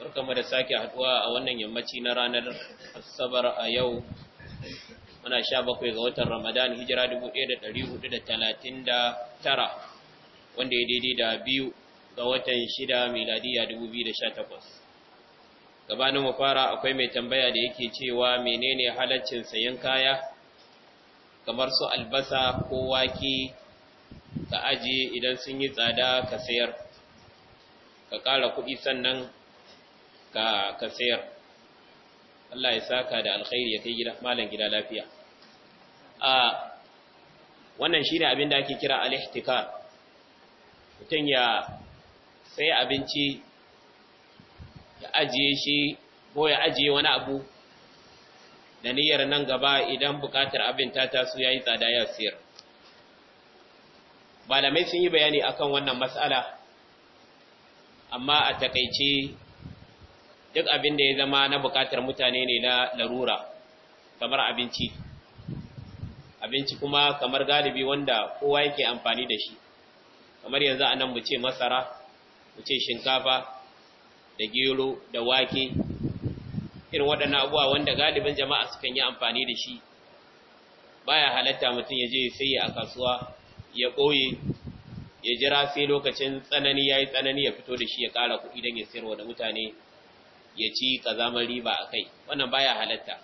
barkamu da sake haduwa a wannan yammaci na ranar asabar a yau muna sha bakwai ga watan ramadan hijira 1439 wanda ya daidai da biyu ga watan shida miladiya 2018 gabanin mu fara akwai mai tambaya da yake cewa menene halaccin sayan kaya kamar su albasa ko wake ka ajiye idan sun yi tsada ka sayar ka ƙara kuɗi sannan ka ka sayar Allah ya saka da alkhairi ya kai gida malam gida lafiya a wannan shine abin da ake kira al-ihtikar mutum ya sai abinci ya ajiye shi ko ya ajiye wani abu da niyyar nan gaba idan bukatar abin ta taso yayi tsada ya sayar. malamai sun yi bayani akan wannan mas'ala amma a takaice duk abin da ya zama na bukatar mutane ne na larura kamar abinci abinci kuma kamar galibi wanda kowa yake amfani da shi kamar yanzu a nan mu ce masara mu ce shinkafa da gero da wake irin waɗannan abuwa wanda galibin jama'a sukan yi amfani da shi baya halatta mutum ya je sai a kasuwa ya ɓoye ya jira sai lokacin tsanani ya yi tsanani ya fito da shi ya ƙara kuɗi don ya sayarwa da mutane ya ci kazamar riba a kai wannan baya halatta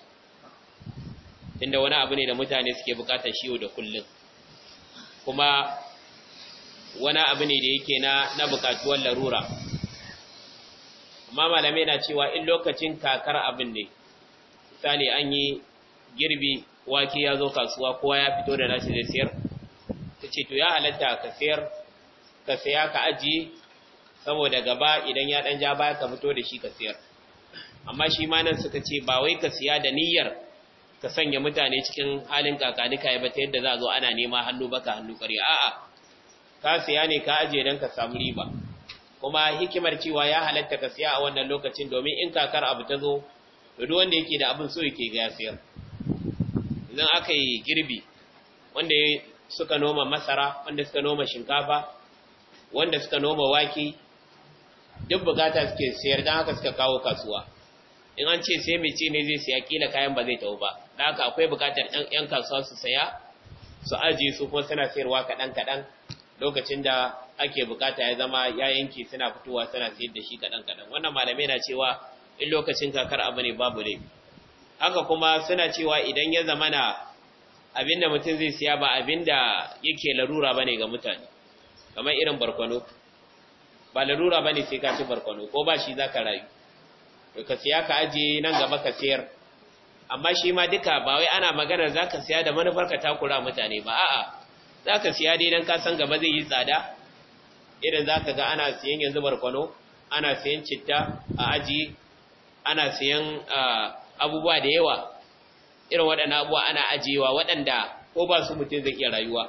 tunda wani abu ne da mutane suke bukatar shi da kullum kuma wani abu ne da yake na na bukatuwar larura amma malamai na cewa in lokacin kakar abin ne misali an yi girbi wake ya zo kasuwa kowa ya fito da nashi zai siyar ta ce to ya halatta ka siyar ka saya ka ajiye saboda gaba idan ya dan ja baya ka fito da shi ka siyar amma shi ma nan suka ce ba wai ka siya da niyyar ka sanya mutane cikin halin kakanika ya ta yadda za a zo ana nema hannu baka hannu ƙari a'a ka siya ne ka ajiye don ka samu riba kuma hikimar cewa ya halatta ka siya a wannan lokacin domin in kakar abu ta zo duk wanda yake da abin so yake ga siyar idan aka yi girbi wanda suka noma masara wanda suka noma shinkafa wanda suka noma wake duk bukata suke siyar don haka suka kawo kasuwa in an ce sai mai ci ne zai siya kila kayan ba zai tawo ba da haka akwai bukatar yan kasuwa su saya su ajiye su kuma suna sayarwa kaɗan kaɗan lokacin da ake bukata ya zama ya yanke suna fitowa suna sayar da shi kaɗan kaɗan wannan malamai na cewa in lokacin kakar abu ne babu laifi haka kuma suna cewa idan ya zama na abin da mutum zai siya ba abin da yake larura ba ne ga mutane kamar irin barkwano ba larura ba ne sai ka ci barkwano ko ba shi za ka rayu ka siya ka ajiye nan gaba ka siyar amma shi ma duka ba wai ana maganar za ka siya da manufar ka takura mutane ba a'a za ka siya dai don san gaba zai yi tsada irin za ka ga ana siyan yanzu barkwano ana siyan citta a aji ana siyan abubuwa da yawa irin waɗannan abubuwa ana ajiyewa waɗanda ko ba su mutum zai iya rayuwa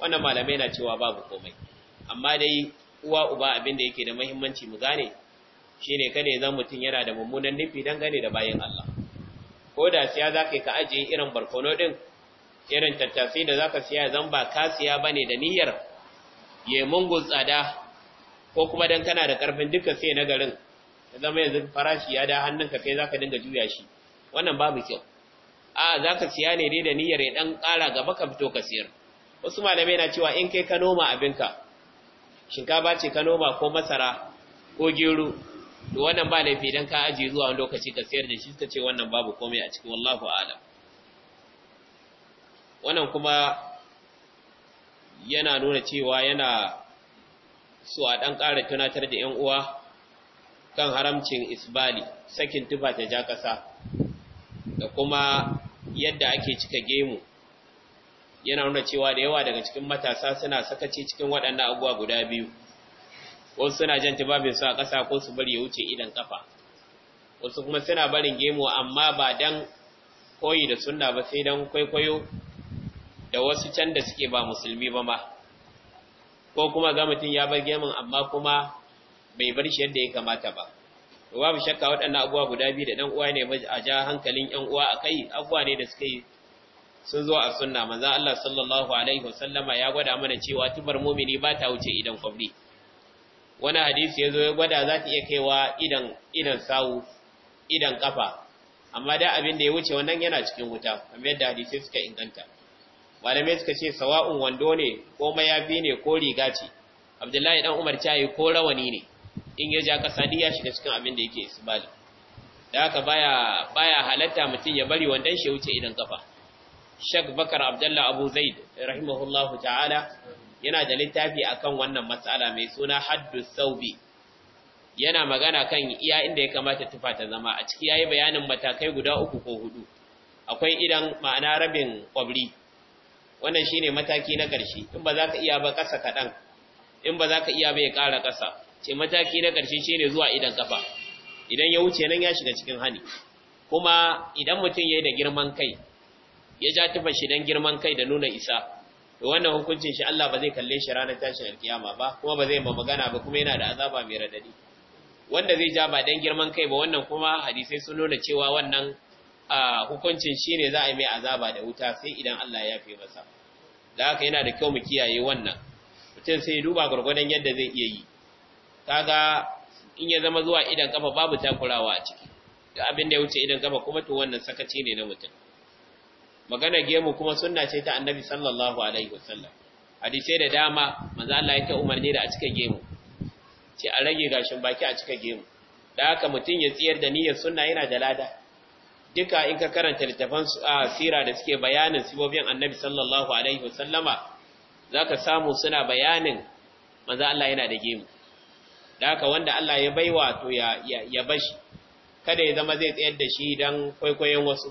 wannan malamai na cewa babu komai amma dai uwa uba abin da yake da muhimmanci mu gane shi ne kane zan mutum yana da mummunan nufi don gane da bayan Allah ko da siya za ka yi ka ajiye irin barkono ɗin irin tattasi da za ka siya zan ba ka siya ba ne da niyyar ya mungun tsada ko kuma don kana da ƙarfin duka sai na garin ya zama yanzu farashi ya da ka kai za ka dinga juya shi wannan babu kyau a za ka siya ne dai da niyyar ya ɗan ƙara gaba ka fito ka siyar wasu malamai na cewa in kai ka noma abinka shinkafa ce ka noma ko masara ko gero to wannan ba laifi idan ka ajiye zuwa wani lokaci ka sayar da shi suka ce wannan babu komai a cikin wallahu a'lam wannan kuma yana nuna cewa yana so a dan ƙara tunatar da ƴan uwa kan haramcin isbali sakin tufa ta ja kasa da kuma yadda ake cika gemu yana nuna cewa da yawa daga cikin matasa suna sakaci cikin waɗannan abubuwa guda biyu wasu suna jan tubabin su a ƙasa ko su bari ya wuce idan kafa wasu kuma suna barin gemu amma ba dan koyi da sunna ba sai dan kwaikwayo da wasu can da suke ba musulmi ba ma ko kuma ga mutum ya bar gemun amma kuma bai bar shi yadda ya kamata ba babu shakka waɗannan abuwa guda biyu da ɗan uwa ne a ja hankalin ɗan uwa a kai abuwa ne da suka yi sun zo a sunna manzo Allah sallallahu alaihi wasallama ya gwada mana cewa tubar mumini ba ta wuce idan kwabri wani hadisi ya zo ya gwada za ta iya kaiwa idan idan sawu idan kafa amma da abin da ya wuce wannan yana cikin wuta kamar yadda hadisi suka inganta malamai suka ce sawa'un wando ne ko mayafi ne ko riga ce abdullahi dan umar ta ko rawani ne in ya ja kasa ya shiga cikin abin da yake isbali da haka baya baya halatta mutum ya bari wandon shi wuce idan kafa shak bakar abdullahi abu zaid rahimahullahu ta'ala yana da littafi akan wannan matsala mai suna haddu saubi yana magana kan iya inda ya kamata tufa ta zama a ciki yayi bayanin matakai guda uku ko hudu akwai idan ma'ana rabin kwabri wannan shine mataki na ƙarshe in ba za ka iya ba ƙasa kaɗan in ba za ka iya ba ya ƙara ƙasa ce mataki na ƙarshe shine zuwa idan kafa idan ya wuce nan ya shiga cikin hani kuma idan mutum ya yi da girman kai ya ja tufa shi don girman kai da nuna isa wannan hukuncin shi Allah ba zai kalle shi ranar tashin alkiyama ba kuma ba zai ba magana ba kuma yana da azaba mai radadi wanda zai ja ba dan girman kai ba wannan kuma hadisai sun nuna cewa wannan hukuncin ne za a yi mai azaba da wuta sai idan Allah ya fi masa da haka yana da kyau mu kiyaye wannan mutum sai duba gurgurdan yadda zai iya yi kaga in ya zama zuwa idan kafa babu takurawa a ciki da abin da ya wuce idan kafa kuma to wannan sakaci ne na mutum magana gemu kuma sunna ce ta annabi sallallahu alaihi wasallam hadisai da dama manzo Allah yake umarni da a cika gemu ce a rage gashin baki a cika gemu da haka mutum ya tsiyar da niyyar sunna yana da lada duka in ka karanta littafan sira da suke bayanin sibobin annabi sallallahu alaihi wasallama zaka samu suna bayanin manzo Allah yana da gemu da haka wanda Allah ya baiwa to ya ya bashi kada ya zama zai tsayar da shi dan kwaikwayon wasu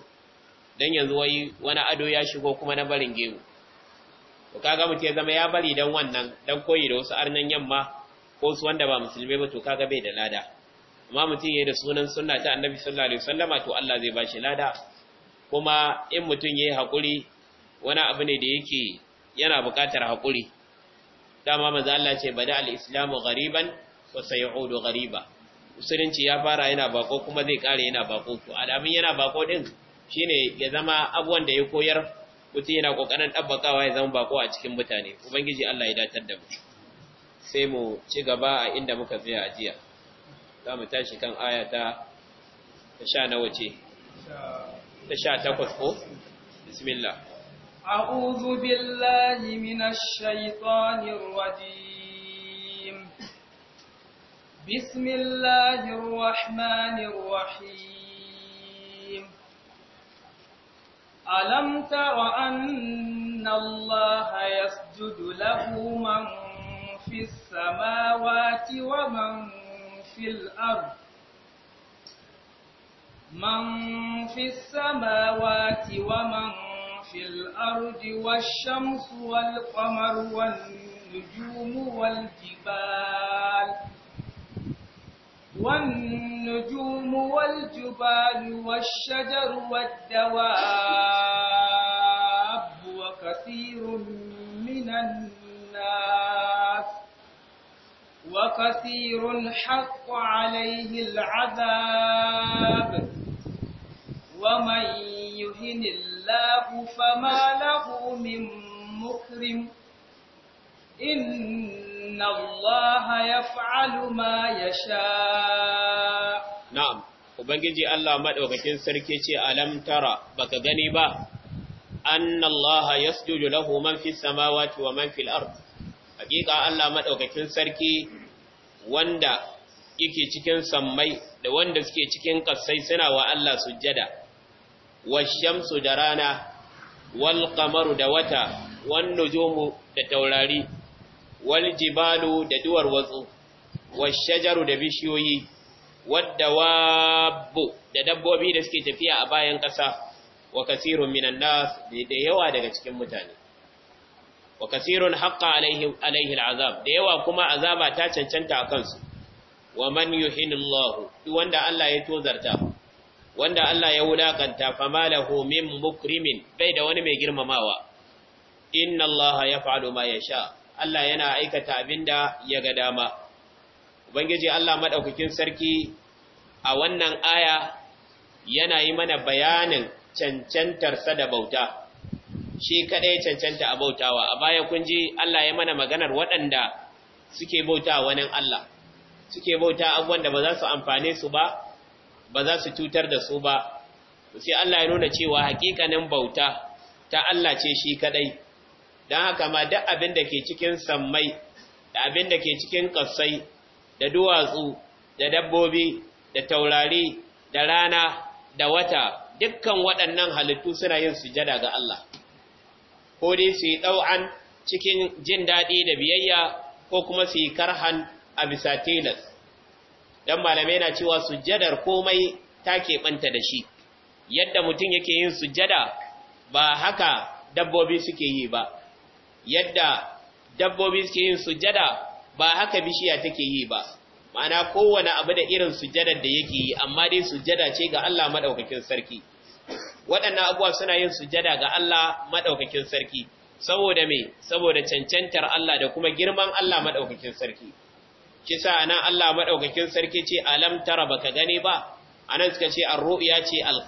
dan yanzu wai wani ado ya shigo kuma na barin gemu to kaga mutum ya zama ya bari dan wannan dan koyi da wasu arnan yamma ko su wanda ba musulmi ba to kaga bai da lada amma mutum ya da sunan sunna ta annabi sallallahu alaihi wasallama to Allah zai bashi lada kuma in mutum yayi hakuri wani abu ne da yake yana buƙatar hakuri dama manzo Allah ce bada al-islamu ghariban wa sayu'udu ghariba musulunci ya fara yana bako kuma zai kare yana bako to alamin yana bako din shine ya zama abuwan da ya koyar mutum yana kokarin ɗabbakawa ya zama bako a cikin mutane ubangiji Allah ya datar da mu sai mu ci gaba a inda muka tsaya a jiya za mu tashi kan aya ta sha nawa ce ta sha takwas ko bismillah أعوذ بالله من الشيطان الرجيم بسم الله الرحمن الرحيم ألم تر أن الله يسجد له من في السماوات ومن في الأرض من في السماوات ومن في الأرض والشمس والقمر والنجوم والجبال والنجوم والجبال والشجر والدواب وكثير من الناس وكثير حق عليه العذاب ومن يهن الله فما له من مكرم إن إن الله يفعل ما يشاء na'am Ubangiji Allah maɗaukakin sarki ce alam tara baka gani ba, anna Allah ya lahu man fi samawati wa man fil ard. Hakika Allah maɗaukakin sarki wanda yake cikin sammai da wanda suke cikin ƙasai suna wa Allah sujjada, wa shamsu da rana, wal kamaru da wata, wan nujumu da taurari, wal jibalu da duwar watsu washajaru da bishiyoyi wadda wabbu da dabbobi da suke tafiya a bayan ƙasa wa kasirun minan nas da yawa daga cikin mutane wa kasirun haƙa alaihi alaihi da yawa kuma azaba ta cancanta a kansu wa man yuhinillahu duk wanda Allah ya tozarta wanda Allah ya wulakanta da homin mukrimin bai da wani mai girmamawa inna Allah yaf'alu ma sha. Allah yana aikata abin da ya ga dama ubangiji Allah maɗaukakin sarki a wannan aya yana yi mana bayanin cancantarsa da bauta shi kaɗai cancanta a bautawa a baya kun ji Allah ya mana maganar waɗanda suke bauta wani Allah suke bauta abubuwan da ba za su amfane su ba ba za su cutar da su ba sai Allah ya nuna cewa hakikanin bauta ta Allah ce shi kaɗai. don haka ma duk abin da ke cikin sammai da abin da ke cikin ƙasai da duwatsu da dabbobi da taurari da rana da wata dukkan waɗannan halittu suna yin sujada ga Allah ko dai su yi ɗau'an cikin jin daɗi da biyayya ko kuma su yi karhan a bisa tilas don malamai na cewa sujadar komai ta keɓanta da shi yadda mutum yake yin sujada ba haka dabbobi suke yi ba yadda dabbobi suke yin sujada, ba haka bishiya take yi ba ma'ana kowane abu da irin sujjadar da yake yi amma dai sujada ce ga Allah madaukakin sarki waɗannan abuwa suna yin sujada ga Allah madaukakin sarki saboda me saboda cancantar Allah da kuma girman Allah madaukakin sarki kisa anan Allah madaukakin sarki ce alam tara baka gane ba anan suka ce ar ce al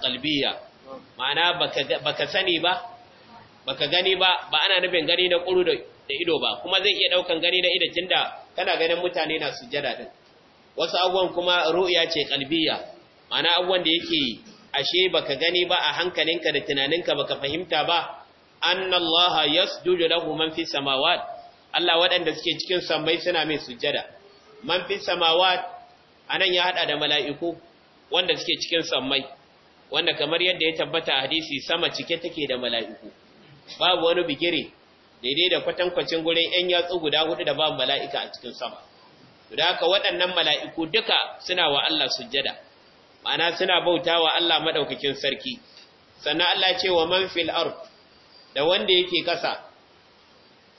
ma'ana baka baka sani ba baka gani ba ba ana nufin gani na kuru da ido ba kuma zai iya ɗaukan gani na ido tunda kana ganin mutane na sujada din wasu abubuwan kuma ru'ya ce kalbiya mana abubuwan da yake ashe baka gani ba a hankalinka da tunaninka baka fahimta ba annallaha yasjudu lahu man fi samawat Allah waɗanda suke cikin sammai suna mai sujada man fi samawat anan ya hada da mala'iku wanda suke cikin sammai wanda kamar yadda ya tabbata a hadisi sama cike take da mala'iku babu wani bigire daidai da kwatankwacin gurin ‘yan yatsu guda hudu da babu mala'ika a cikin sama. Guda ka waɗannan mala'iku duka suna wa Allah sujjada, ma'ana suna bauta wa Allah maɗaukakin sarki, sannan Allah ce wa man fil da wanda yake kasa,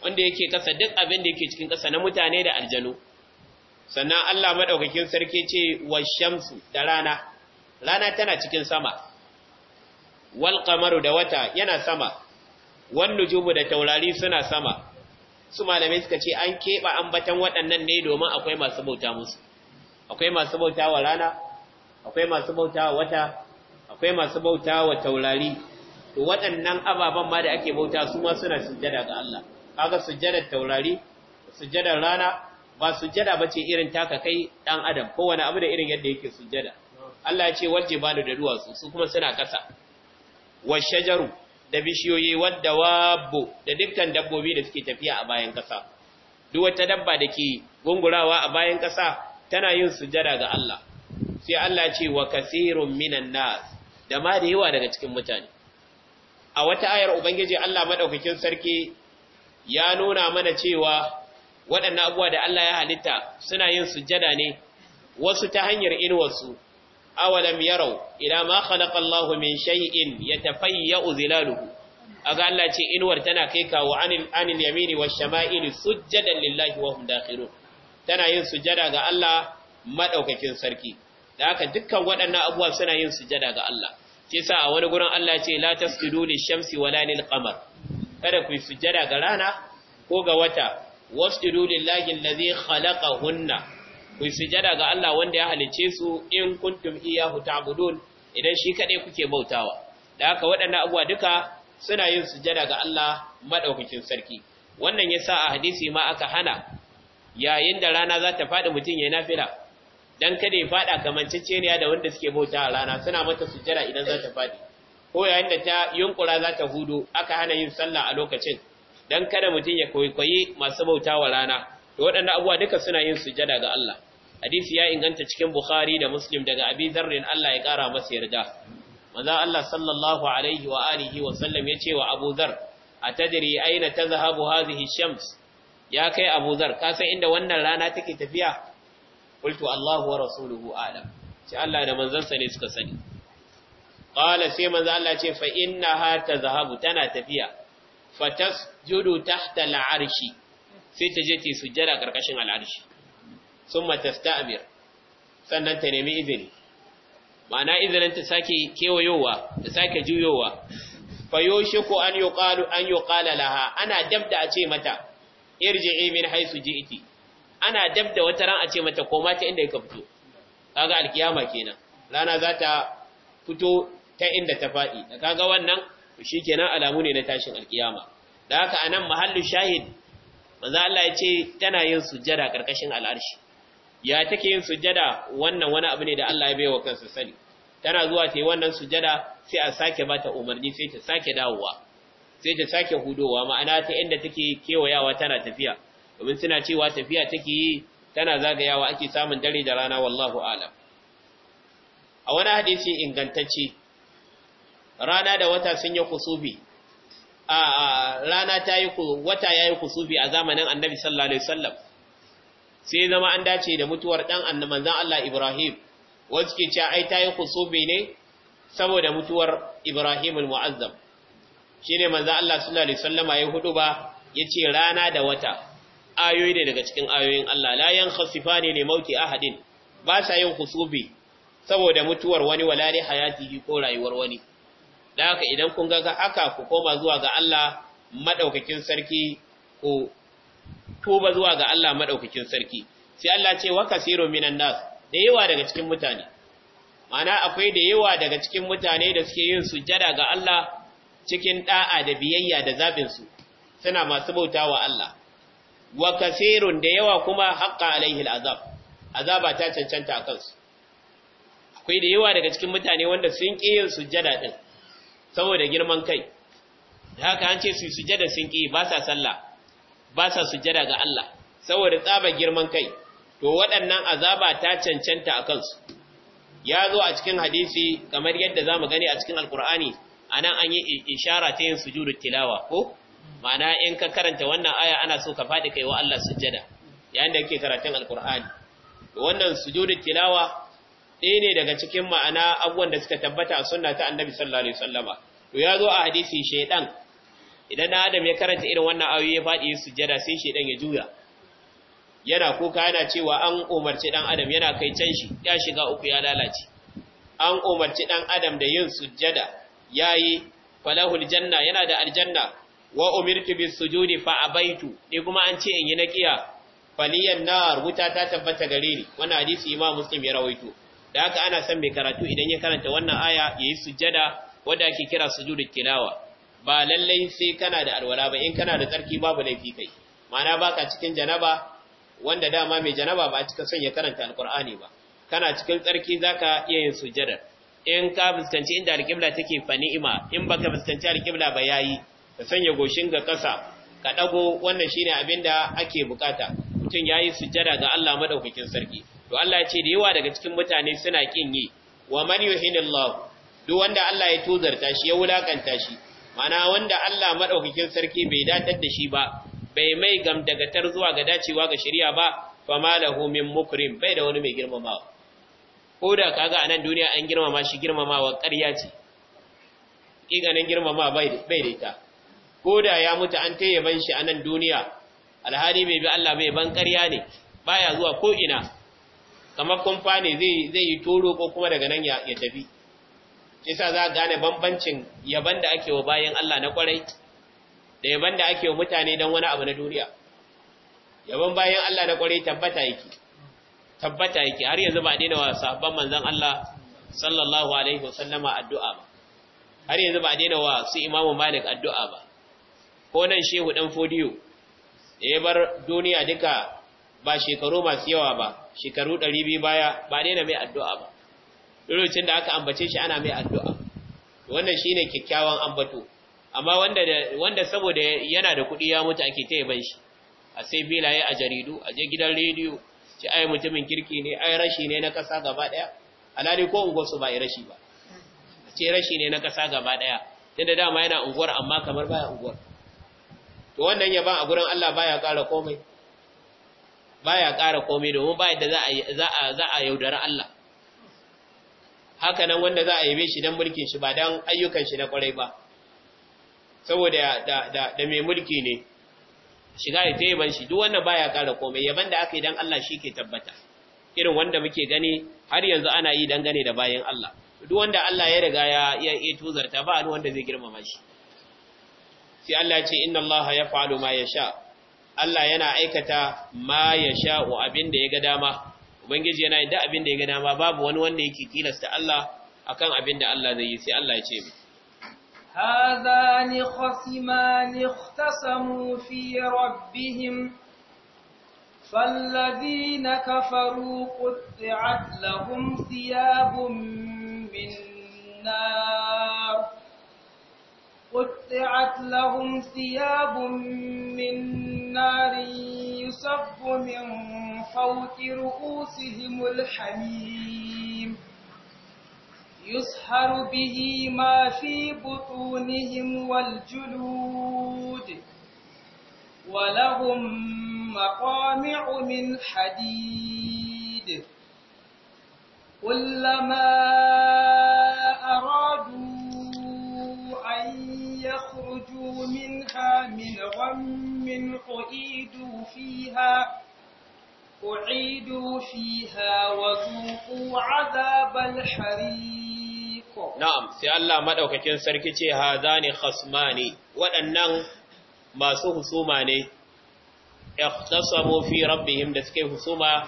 wanda yake kasa duk abin da yake cikin kasa na mutane da aljanu. Sannan Allah maɗaukakin sarki ce wa shamsu da rana, rana tana cikin sama, wal kamaru da wata yana sama. wan jubu da taurari suna sama su malamai suka ce an keɓa ambatan waɗannan ne domin akwai masu bauta musu akwai masu bauta wa rana akwai masu bauta wa wata akwai masu bauta wa taurari to waɗannan ababen ma da ake bauta su ma suna sujjada ga Allah kaga sujjadar taurari sujjadar rana ba sujjada bace irin taka kai dan adam ko wani abu da irin yadda yake sujjada Allah ya ce wal jibalu da duwatsu su kuma suna kasa shajaru da bishiyoyi wadda wabbo da dukkan dabbobi da suke tafiya a bayan ƙasa duk wata dabba da ke gungurawa a bayan ƙasa tana yin sujada ga Allah sai Allah ce wa kasirun minan nas da ma da yawa daga cikin mutane a wata ayar ubangiji Allah madaukakin sarki ya nuna mana cewa waɗannan abuwa da Allah ya halitta suna yin sujada ne wasu ta hanyar inuwarsu awalam yarau ila ma khalaqa Allahu min shay'in yatafayya'u zilaluhu aga Allah ce inuwar tana kai kawo anil anil yamini wash shama'ili sujjadan lillahi wa hum dakhirun tana yin sujada ga Allah madaukakin sarki da haka dukkan waɗannan abubuwa suna yin sujada ga Allah sai sa a wani gurin Allah ce la tasjudu lish-shamsi wala lil-qamar kada ku sujada ga rana ko ga wata wasjudu lillahi allazi khalaqahunna ku sujada ga Allah wanda ya halice su in kuntum iyyahu ta'budun idan shi kadai kuke bautawa da haka waɗannan abuwa duka suna yin sujada ga Allah madaukakin sarki wannan yasa a hadisi ma aka hana yayin da rana za ta faɗi mutum yayin nafila dan kada ya faɗa kamanceceniya da wanda suke bauta a rana suna mata sujada idan za ta faɗi ko yayin da ta yunkura za ta hudu aka hana yin sallah a lokacin dan kada mutum ya koyi masu bautawa rana to waɗannan abubuwa duka suna yin sujada ga Allah hadisi ya inganta cikin Bukhari da Muslim daga Abi Dharrin Allah ya kara masa yarda manzo Allah sallallahu alaihi wa alihi wa sallam ce wa Abu Dhar atadri aina tazhabu hadhihi shams ya kai Abu ka san inda wannan rana take tafiya qultu Allahu wa rasuluhu alam Sai Allah da manzansa ne suka sani qala sai manzo Allah ce fa innaha tazhabu tana tafiya fatasjudu tahta al-arshi sai ta je ta yi sujjada karkashin al'arshi summa tasta'mir sannan ta nemi izini ma'ana izinin ta sake kewayowa ta sake juyowa fa ko an ƙalu an ƙala laha ana dabda a ce mata irji'i imin haisu iti, ana dabda wata ran a ce mata koma ta inda ka fito kaga alkiyama kenan rana za ta fito ta inda ta faɗi da kaga wannan kenan alamu ne na tashin alkiyama da haka anan mahallu shahid manzo Allah ya ce tana yin sujjada karkashin al'arshi ya take yin sujjada wannan wani abu ne da Allah ya baiwa kansa sani tana zuwa ta yi wannan sujjada sai a sake bata umarni sai ta sake dawowa sai ta sake hudowa ma'ana ta inda take kewayawa tana tafiya domin suna cewa tafiya take yi tana zagayawa ake samun dare da rana wallahu alam a wani hadisi ingantacce rana da wata sun yi kusubi rana ta yi wata ya yi kusufi a zamanin annabi sallallahu alaihi wasallam sai zama an dace da mutuwar dan annabi zan Allah Ibrahim wasu ke cewa ai ta yi kusufi ne saboda mutuwar Ibrahim al-Mu'azzam shine manzo Allah sallallahu alaihi wasallam ya hudu ba yace rana da wata ayoyi ne daga cikin ayoyin Allah la yan khasifani li mauti ahadin ba sa yin kusufi saboda mutuwar wani wala li hayatihi ko rayuwar wani da haka idan kun ga haka ku koma zuwa ga Allah madaukakin sarki ku tuba zuwa ga Allah madaukakin sarki sai Allah ce wa kasiru minan nas da yawa daga cikin mutane mana akwai da yawa daga cikin mutane da suke yin sujada ga Allah cikin da'a da biyayya da zabin su suna masu bautawa Allah wa kasirun da yawa kuma haqqa alaihi al'azab azaba ta cancanta a kansu akwai da yawa daga cikin mutane wanda sun ƙi yin sujjada din saboda girman kai da haka an ce su sujada sun ki ba sa sallah ba sa sujada ga Allah saboda tsaba girman kai to waɗannan azaba ta cancanta a kansu ya zo a cikin hadisi kamar yadda za mu gani a cikin alkur'ani a nan an yi ishara ta yin sujudu tilawa ko ma'ana in ka karanta wannan aya ana so ka faɗi kai wa Allah sujada yayin da kake karatun alkur'ani wannan sujudu tilawa ɗaya ne daga cikin ma'ana abubuwan da suka tabbata a sunna ta annabi sallallahu alaihi wasallama to ya zo a hadisi shaidan idan na adam ya karanta irin wannan ayoyi ya faɗi ya sujjada sai shaidan ya juya yana kuka yana cewa an umarci dan adam yana kai can shi ya shiga uku ya lalace an umarci dan adam da yin sujjada yayi falahul janna yana da aljanna wa umirtu bis sujudi fa abaitu ni kuma an ce in yi naqiya faliyan nar wuta ta tabbata gare ni wannan hadisi imam muslim ya rawaito da haka ana son mai karatu idan ya karanta wannan aya ya yi sujjada wadda ake kira sujudu kilawa? ba lallai sai kana da alwala ba in kana da tsarki babu laifi kai ma'ana ba ka cikin janaba wanda dama mai janaba ba a cika son ya karanta alkur'ani ba kana cikin tsarki za ka iya yin sujjada in ka fuskanci inda alkibla take fani ni'ima in baka fuskanci alkibla ba ya yi. ka sanya goshin ga kasa ka ɗago wannan shine abinda ake bukata mutum ya yi sujjada ga Allah madaukakin sarki to Allah ya ce da yawa daga cikin mutane suna kin yi wa man yuhinillahu duk wanda Allah ya tuzarta shi ya wulakanta shi mana wanda Allah madaukakin sarki bai datar da shi ba bai mai gamdagatar zuwa ga dacewa ga shari'a ba fama min mukrim bai da wani mai girmamawa ko da kaga anan duniya an girmama shi girmamawa ƙarya ce ƙiganin girmama bai da ita ko da ya mutu an taya ban shi anan duniya alhali bai bi Allah bai ban ƙarya ne baya zuwa ko ina kamar kumfa ne zai yi toro ko kuma daga nan ya tafi isa za a gane bambancin yaban da ake wa bayan Allah na kwarai da yaban da ake wa mutane don wani abu na duniya yaban bayan Allah na kwarai tabbata yake tabbata yake har yanzu ba daina wa sahabban manzan Allah sallallahu alaihi wasallama addu'a ba har yanzu ba daina wa su imamu malik addu'a ba ko nan shehu dan fodiyo da ya bar duniya duka ba shekaru masu yawa ba shekaru 200 baya ba daina mai addu'a ba lokacin da aka ambace shi ana mai addu'a wannan shine kyakkyawan ambato amma wanda wanda saboda yana da kuɗi ya mutu ake taya ban shi a sai bilaye a jaridu a je gidan rediyo ce ai mutumin kirki ne ai rashi ne na ƙasa gaba ɗaya alali ko unguwar su ba ai rashi ba a ce rashi ne na ƙasa gaba ɗaya tunda dama yana unguwar amma kamar baya unguwar to wannan ya ban a gurin Allah baya ƙara komai baya ƙara komai domin ba yadda za a yaudara Allah haka nan wanda za a yabe shi don mulkin shi ba don ayyukan shi na kwarai ba saboda da mai mulki ne shiga da ta yaban shi duk wannan baya ƙara komai yaban da aka yi don Allah shi ke tabbata irin wanda muke gani har yanzu ana yi gane da bayan Allah duk wanda Allah ya riga ya ya tuzarta ba a wanda zai girmama shi sai Allah ya ce inna Allah ya fa'alu ma ya sha. Allah yana aikata ma ya sha'u abin da ya ga dama ubangiji yana yadda da abin da ya ga dama babu wani wanda yake tilasta Allah akan abin da Allah zai yi sai Allah ya ce هذان خصمان اختصموا fi ربهم فالذين كفروا قطعت لهم ثياب من نار قطعت لهم ثياب من نار يصب من فوق رؤوسهم الحميم يصهر به ما في بطونهم والجلود ولهم مقامع من حديد كلما غم أعيدوا فيها أعيدوا فيها وذوقوا عذاب الحريق نعم ne. الله waɗannan masu husuma ne ikhtasamu fi rabbihim da suke husuma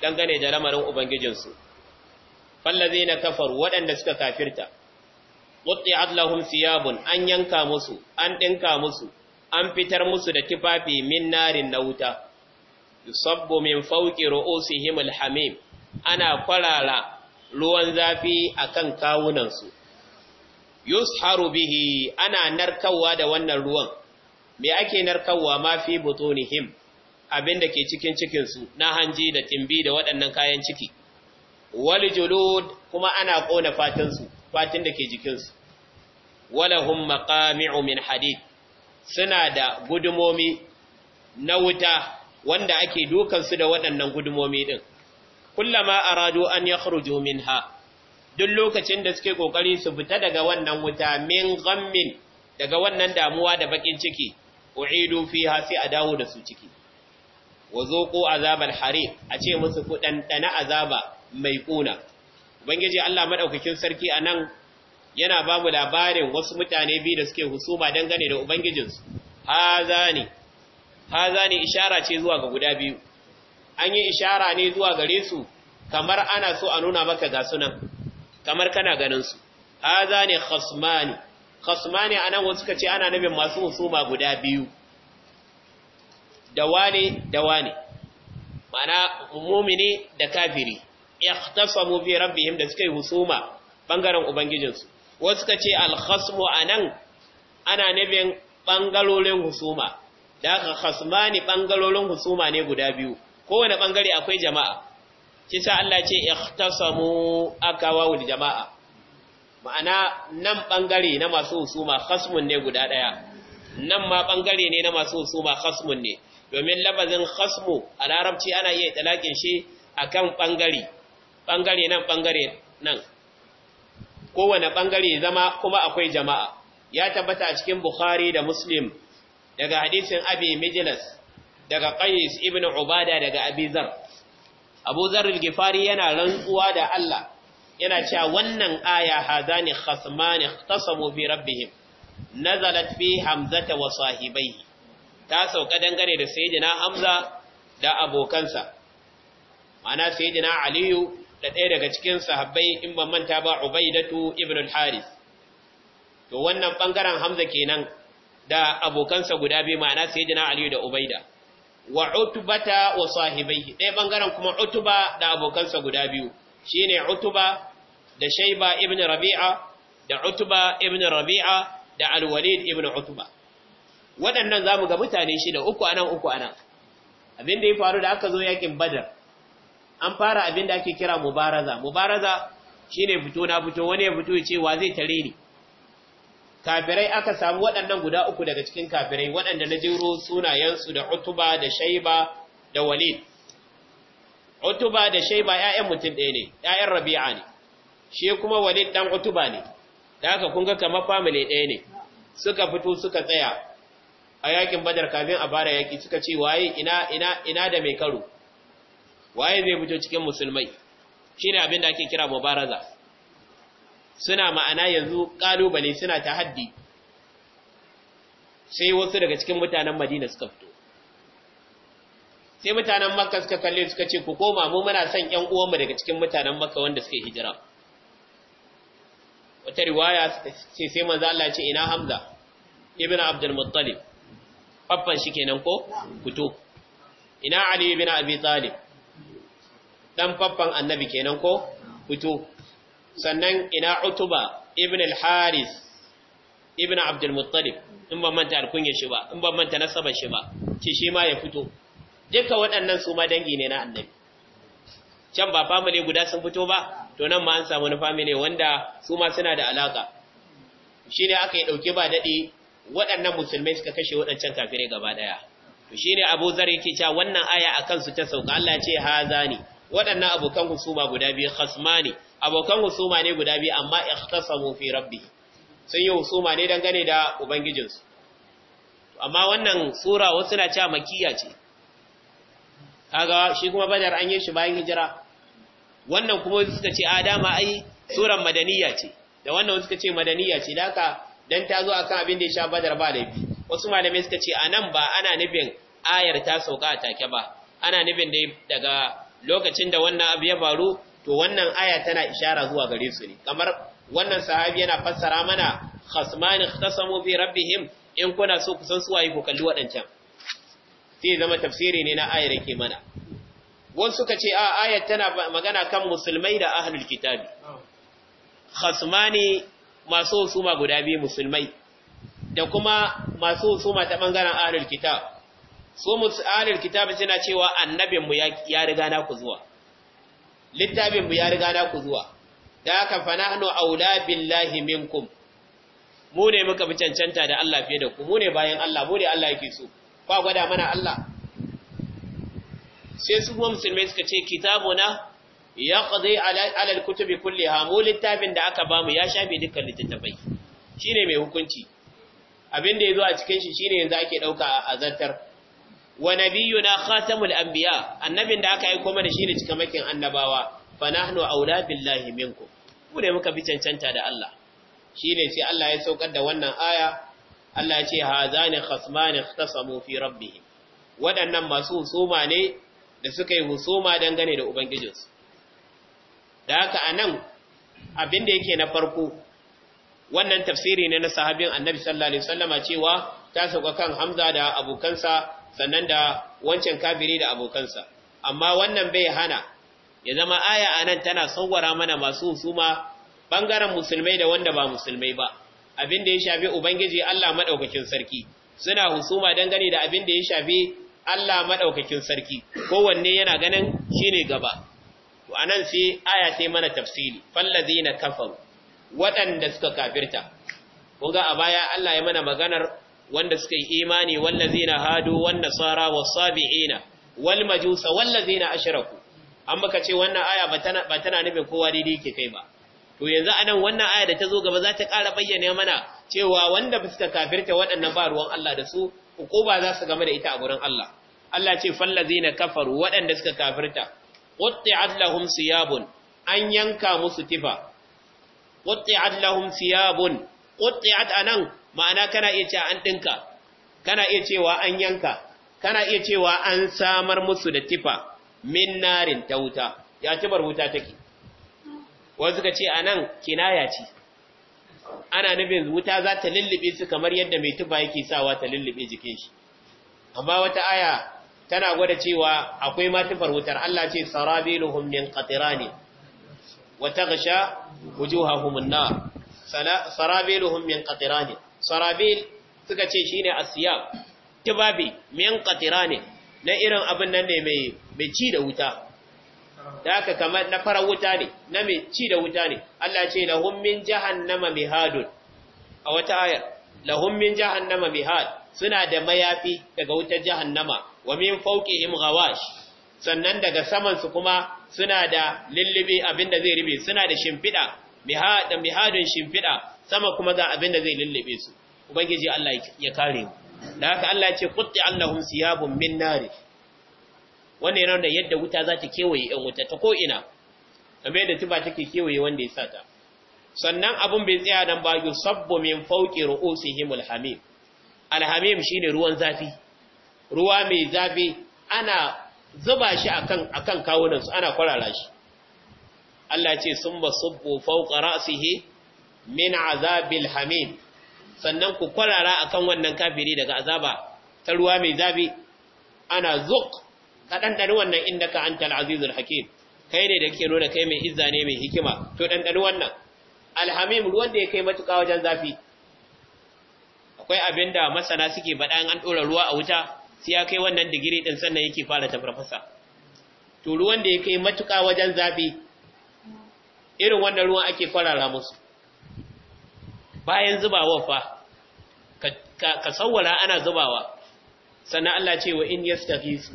dangane da lamarin ubangijinsu fallazina kafaru waɗanda suka kafirta qutti'at lahum thiyabun an yanka musu an ɗinka musu an fitar musu da tufafi min narin na wuta yusabbu min ro’osi ru'usihim hamim, ana kwarara ruwan zafi akan kawunansu. su yusharu bihi ana narkawa da wannan ruwan me ake narkawa ma fi Abin da ke cikin cikinsu, na hanji da timbi da waɗannan kayan ciki Wali julud kuma ana ƙona fatan fatin da ke jikinsu. Wala walahum maƙami'u min hadid suna da gudumomi na wuta wanda ake dukansu da waɗannan gudumomi ɗin. Kullama aradu an ya ha. duk lokacin da suke ƙoƙari su fita daga wannan wuta min gammin daga wannan damuwa da baƙin ciki, u'idu ha sai a dawo da su ciki. wazoƙo ko azabar hare, a ce musu ku ɗanɗana azaba mai ƙuna. Ubangiji Allah maɗaukakin sarki a nan yana ba mu labarin wasu mutane biyu da suke husuma dangane da ubangijinsu haza ne haza ne ishara ce zuwa ga guda biyu an yi ishara ne zuwa gare su kamar ana so a nuna maka ga sunan kamar kana ganin su haza ne khasmani khasmani anan wasu suka ce ana nabin masu husuma guda biyu da wane da mumini da kafiri ikhtasamu fi rabbihim da suka yi husuma bangaren ubangijinsu wasu ka ce alhasmu a nan ana nufin ɓangarorin husuma da aka hasma ne ɓangarorin husuma ne guda biyu kowane ɓangare akwai jama'a kisa Allah ce ikhtasamu aka wawul jama'a ma'ana nan ɓangare na masu husuma hasmun ne guda ɗaya nan ma ɓangare ne na masu husuma hasmun ne domin labazin hasmu a larabci ana iya talakin shi akan ɓangare ɓangare nan ɓangare nan kowane bangare zama kuma akwai jama'a ya tabbata a cikin bukhari da muslim daga hadisin abi Majlis daga qais ibn ubada daga Abizar. zar abu zar gifari yana rantsuwa da Allah yana cewa wannan aya hadani khasman ikhtasamu bi rabbihim nazalat fi hamzata wa sahibai. ta sauka dangane da sayyidina hamza da abokansa ana sayyidina aliyu da ɗaya daga cikin sahabbai in ban manta ba Ubaidatu ibn al-Haris to wannan bangaren Hamza kenan da abokansa guda biyu ma'ana sayyidina Ali da Ubaida wa Utbata wa sahibaihi ɗaya bangaren kuma Utba da abokansa guda biyu shine Utba da Shayba ibn Rabi'a da Utba ibn Rabi'a da Al-Walid ibn Utba waɗannan zamu ga mutane shi da uku anan uku anan abin da ya faru da aka zo yakin Badar an fara abin da ake kira mubaraza mubaraza shine fito na fito wani ya fito ya ce wa zai tare ni kafirai aka samu waɗannan guda uku daga cikin kafirai waɗanda na jiro sunayensu da utuba da shaiba da walid utuba da shaiba ƴaƴan mutum ɗaya ne ƴaƴan rabi'a ne shi kuma walid ɗan utuba ne da haka kunga ga kamar family ɗaya ne suka fito suka tsaya a yakin badar kafin a bara yaki suka ce waye ina ina ina da mai karo waye zai fito cikin musulmai shine abin da ake kira mubaraza suna ma'ana yanzu kalubale suna ta haddi. sai wasu daga cikin mutanen Madina suka fito sai mutanen Makka suka kalle suka ce ku koma mu muna son ƴan uwanmu daga cikin mutanen Makka wanda suke hijira wata riwaya ce sai manzo Allah ce ina Hamza ibn Abdul Muttalib babban shi kenan ko fito ina Ali ibn Abi Talib dan faffan annabi kenan ko fito sannan ina utuba ibn al-haris ibn al muttalib in ban manta alkunyar shi ba in ban manta nasabar shi ba ce shi ma ya fito duka waɗannan su ma dangi ne na annabi can ba family guda sun fito ba to nan ma an samu na family wanda su ma suna da alaka shine aka yi dauke ba dadi waɗannan musulmai suka kashe waɗancan kafirai gaba daya to shine Abu Zar yake cewa wannan aya akan su ta sauka Allah ya ce hazani waɗannan abokan husuma guda biyu ne abokan husuma ne guda biyu amma ikhtasamu fi rabbi sun yi husuma ne dangane da ubangijinsu amma wannan sura wasu na cewa makiyya ce kaga shi kuma badar an yi shi bayan hijira wannan kuma suka ce adama ai suran madaniya ce da wannan suka ce madaniya ce da dan ta zo akan abin da ya sha badar ba laifi wasu malamai suka ce anan ba ana nufin ayar ta sauka a take ba ana nufin dai daga lokacin da wannan abu ya faru to wannan aya tana ishara zuwa gare su ne kamar wannan sahabi yana fassara mana khasman ikhtasamu bi rabbihim in kuna so ku san su waye ku kalli wadancan sai zama tafsiri ne na ayar yake mana wasu suka ce a ayar tana magana kan musulmai da ahlul kitabi khasmani masu husuma guda biyu musulmai da kuma masu husuma ta bangaren ahlul kitab su musalil kitabin suna cewa annabinmu ya riga na ku zuwa littafinmu ya riga na ku zuwa da haka fa nahnu aula billahi minkum mu ne muka fi cancanta da Allah fiye da ku mu ne bayan Allah mu ne Allah yake so kwa gwada mana Allah sai su kuma musulmai suka ce kitabuna ya qadi ala al-kutubi kulliha mu littafin da aka bamu ya shafi dukkan littattafai shine mai hukunci abin da yazo a cikin shi shine yanzu ake dauka a azartar wa nabiyuna khatamul anbiya annabin da aka aika mana shine cikamakin annabawa fa nahnu aula billahi minkum mu ne muka bi cancanta da Allah shine sai Allah ya saukar da wannan aya Allah ya ce hazani khasmani ikhtasamu fi rabbihim waɗannan masu husuma ne da suka yi husuma dangane da ubangijinsu da haka anan abinda da yake na farko wannan tafsiri ne na sahabin annabi sallallahu alaihi wasallama cewa ta sauka kan Hamza da abokansa sannan da wancan kafiri da abokansa amma wannan bai hana ya zama aya anan tana sauwara mana masu husuma bangaren musulmai da wanda ba musulmai ba abin da ya shafi ubangiji Allah madaukakin sarki suna husuma gani da abin da ya shafi Allah madaukakin sarki kowanne yana ganin shine gaba to anan sai aya sai mana tafsiri ladina kafaru waɗanda suka kafirta kun ga a baya Allah ya mana maganar wanda suka yi imani wallazina hadu wan nasara wasabiina wal majusa wallazina ashraku an baka ce wannan aya ba tana nufin kowa dai yake kai ba to yanzu anan wannan aya da ta zo gaba za ta ƙara bayyana mana cewa wanda suka kafirta waɗannan ba ruwan Allah da su hukuma za su game da ita a gurin Allah Allah ce fallazina kafaru waɗanda suka kafirta qutti'at lahum siyabun an yanka musu tifa qutti'at lahum siyabun qutti'at anan ma'ana kana iya cewa an ɗinka kana iya cewa an yanka kana iya cewa an samar musu da tifa min narin ta wuta ya tibar wuta take wasu ka ce a nan kinaya ce ana nufin wuta za ta lullube su kamar yadda mai tufa yake sawa ta lullube jikin shi amma wata aya tana gwada cewa akwai ma tufar wutar Allah ce sarabiluhum min qatirani wa taghsha wujuhahum nar sarabiluhum min qatirani sarabil suka ce shine asiyab tibabi min qatirani na irin abin nan ne mai mai ci da wuta da haka kamar na fara wuta ne na mai ci da wuta ne Allah ce lahum min jahannama a wata ayar lahum min jahannama mihad suna da mayafi daga wutar jahannama wa min fawqihim ghawash sannan daga saman su kuma suna da lillibi abinda zai ribe suna da shimfida mihad mihadun shimfida sama kuma ga abin da zai lullube su ubangiji Allah ya kare mu da haka Allah ya ce qutti allahum siyabun min nar wanda yana da yadda wuta za ta kewaye ɗan wuta ta ko ina kamar yadda tuba take kewaye wanda ya sata sannan abun bai tsaya dan ba sabbu min fawqi ru'usihimul hamim alhamim shine ruwan zafi ruwa mai zafi ana zuba shi akan akan kawunan su ana kwarara shi Allah ce sun basubbu fawqa ra'sihi min azabil hamim sannan ku kwarara akan wannan kafiri daga azaba ta ruwa mai zabi ana zuq ka dandani wannan inda ka antal azizul hakim kai ne da kike nuna kai mai izza ne mai hikima to dandani wannan alhamim ruwan da ya kai matuƙa wajen zafi akwai abinda masana suke baɗa an ɗora ruwa a wuta sai ya kai wannan digiri din sannan yake fara tafarfasa to ruwan da ya kai matuƙa wajen zafi irin wannan ruwan ake kwarara musu bayan zubawa fa ka sawwara ana zubawa sannan Allah ce wa in yastaghisu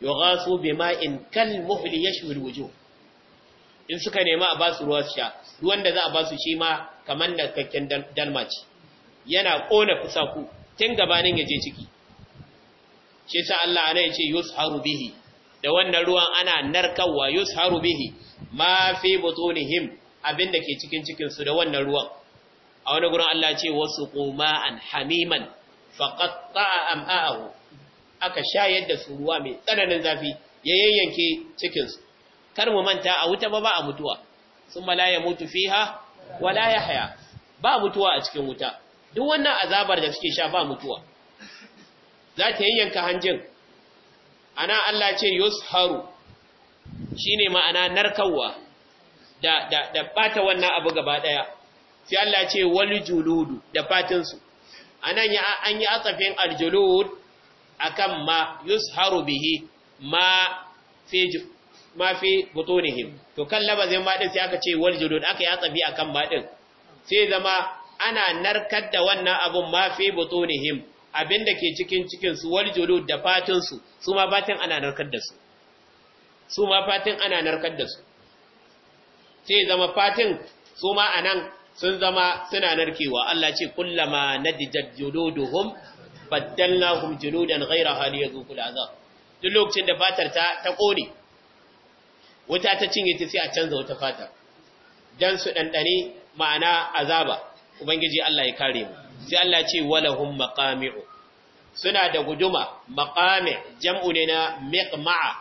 yughasu bima'in kal muhli yashwi alwujuh in suka nema a basu ruwa su sha ruwan da za a basu shi ma kamar da kakken dalmaci yana kona fusaku tun gabanin ya je ciki shi sa Allah ana yace yusharu bihi da wannan ruwan ana narkawa yusharu bihi ma fi butunihim abinda ke cikin cikin su da wannan ruwan a wani gurin Allah ce wasu an hamiman ta’a am'a'ahu aka sha yadda su ruwa mai tsananin zafi ya yayyanke cikinsu. kar mu manta a wuta ba ba a mutuwa sun ya mutu fiha wala haya. ba mutuwa a cikin wuta duk wannan azabar da suke sha ba mutuwa za ta yayyanka hanjin ana Allah ce yusharu shine ma'ana narkarwa da ɓata da bata wannan abu gaba ɗaya. sai Allah ce wal juludu da fatin su anan ya an yi atsafin al julud akan ma yusharu bihi ma fi ma fi butunihim to kan zai ma din sai aka ce wal julud aka yi atsafi akan ma din sai zama ana narkar da wannan abun ma fi butunihim abinda ke cikin cikinsu wal julud da fatinsu su ma fatin ana narkar da su su ma fatin ana narkar da su sai zama fatin su ma anan sun zama suna narkewa Allah ce kullama nadijat juluduhum baddalnahum juludan ghayraha liyazuqul azab duk lokacin da fatar ta ta kone wuta ta cinye ta sai a canza wata fata dan su dandane ma'ana azaba ubangiji Allah ya kare mu sai Allah ce walahum maqami'u suna da guduma maqami' jam'u ne na miqma'a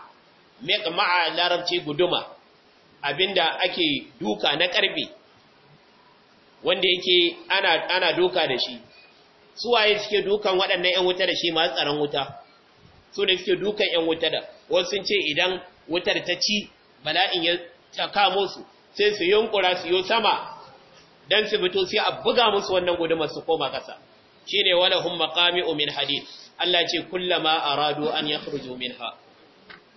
miqma'a larabci guduma abinda ake duka na karbi wanda yake ana ana doka da shi su waye suke dukan waɗannan ƴan wuta da shi masu tsaron wuta su ne suke dukan ƴan wuta da wasu sun ce idan wutar ta ci bala'in ya ta musu su sai su yunkura su yo sama dan su fito sai a buga musu wannan gudumar su koma ƙasa shine hum maqami min hadid Allah ce kullama aradu an yakhruju minha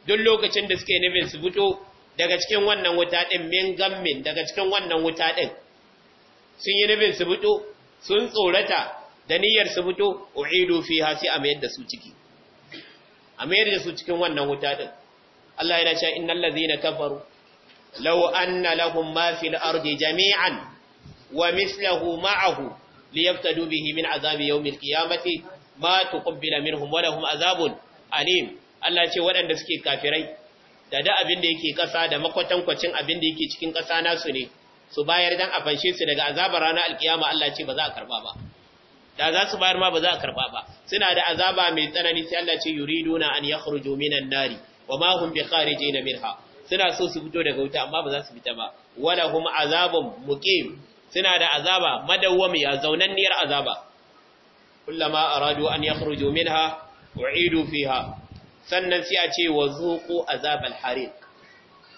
duk lokacin da suke nufin su fito daga cikin wannan wuta din min gammin daga cikin wannan wuta din sun yi nufin su fito sun tsorata da niyyar su fito u'idu fiha sai a mayar da su ciki a mayar da su cikin wannan wuta din Allah yana cewa innal ladhina kafaru law anna lahum ma fil ardi jami'an wa mislahu ma'ahu liyaftadu bihi min azabi yawmil qiyamati ma tuqbila minhum wa lahum azabun alim Allah ce waɗanda suke kafirai da da abin da yake ƙasa da makwatankwacin abin da yake cikin ƙasa nasu ne su bayar dan a fanshe su daga azabar ranar alkiyama Allah ce ba za a karba ba da za su bayar ma ba za a karba ba suna da azaba mai tsanani sai Allah ce yuriduna an yakhruju minan nari wa ma hum bikharijina minha suna so su fito daga wuta amma ba za su fita ba wala hum azabun muqim suna da azaba madawwami ya zaunanniyar azaba kullama aradu an yakhruju minha u'idu fiha sannan sai a ce wa zuqu azabal hariq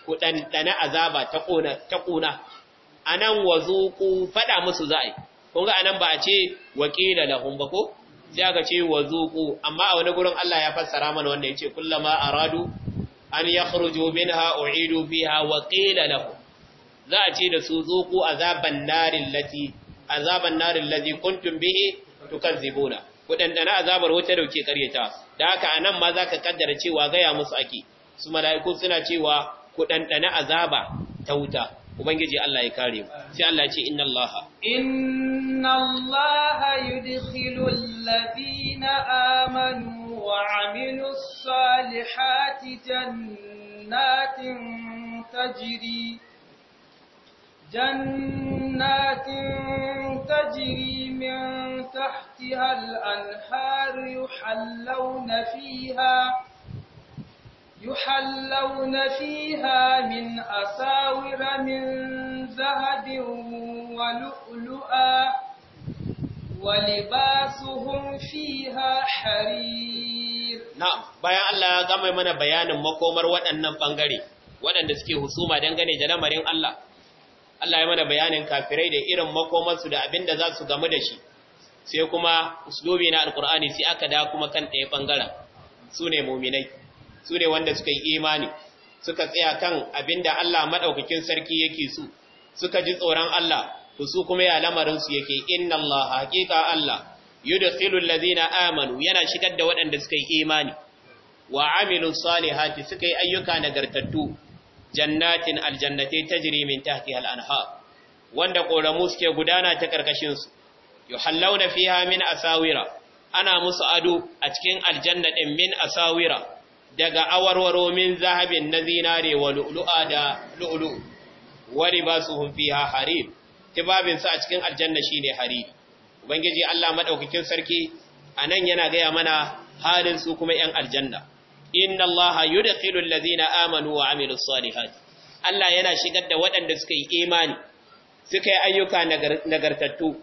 ku dan dana azaba ta kona ta kona anan wazuqu fada musu za'i kun ga anan ba a ce waqila lahum ba ko sai aka ce wazuqu amma a wani gurin Allah ya fassara mana wanda yace kullama aradu an yakhruju minha u'idu fiha waqila lahum za a ce da su zuqu azaban narin lati azaban narin lati kuntum bihi tukazzibuna kudandana azabar wuta dauke karyata da haka anan ma zaka kaddara cewa gaya musu ake su mala'iku suna cewa ku dandana azaba ta wuta ubangiji Allah ya kare mu sai Allah ya ce inna Allah inna Allah yudkhilu alladhina amanu wa amilus salihati jannatin tajri جنات تجري من تحتها الأنهار يحلون fiha. يحلون فيها من أساور من ذهب ولؤلؤا ولباسهم فيها حرير نعم بيان الله gama mana bayanin makomar waɗannan bangare waɗanda suke husuma dangane da lamarin Allah Allah ya mana bayanin kafirai da irin makomarsu da abin da za su gamu da shi sai kuma uslubi na alkur'ani sai aka da kuma kan ɗaya bangaren su ne muminai su ne wanda suka yi imani suka tsaya kan abinda Allah madaukakin sarki yake so suka ji tsoron Allah to su kuma ya lamarin su yake inna Allah haqiqa Allah yudkhilu allazina amanu yana shigar da waɗanda suka yi imani wa amilu salihati suka yi ayyuka nagartattu jannatin aljannati tajri min tahtiha al-anhar wanda koramu suke gudana ta karkashin su yuhallawna fiha min asawira ana musu ado a cikin aljanna din min asawira daga awarwaro min zahabin na zinare wa lu'lu'a da lu'lu wani ba su hunfi ha harir a cikin aljanna shi ne harir ubangiji allah maɗaukakin sarki a nan yana gaya mana halin su kuma ‘yan aljanna inna allaha yudkhilu allazina amanu wa amilus salihat allah yana shigar da waɗanda suka yi imani suka yi ayyuka nagartattu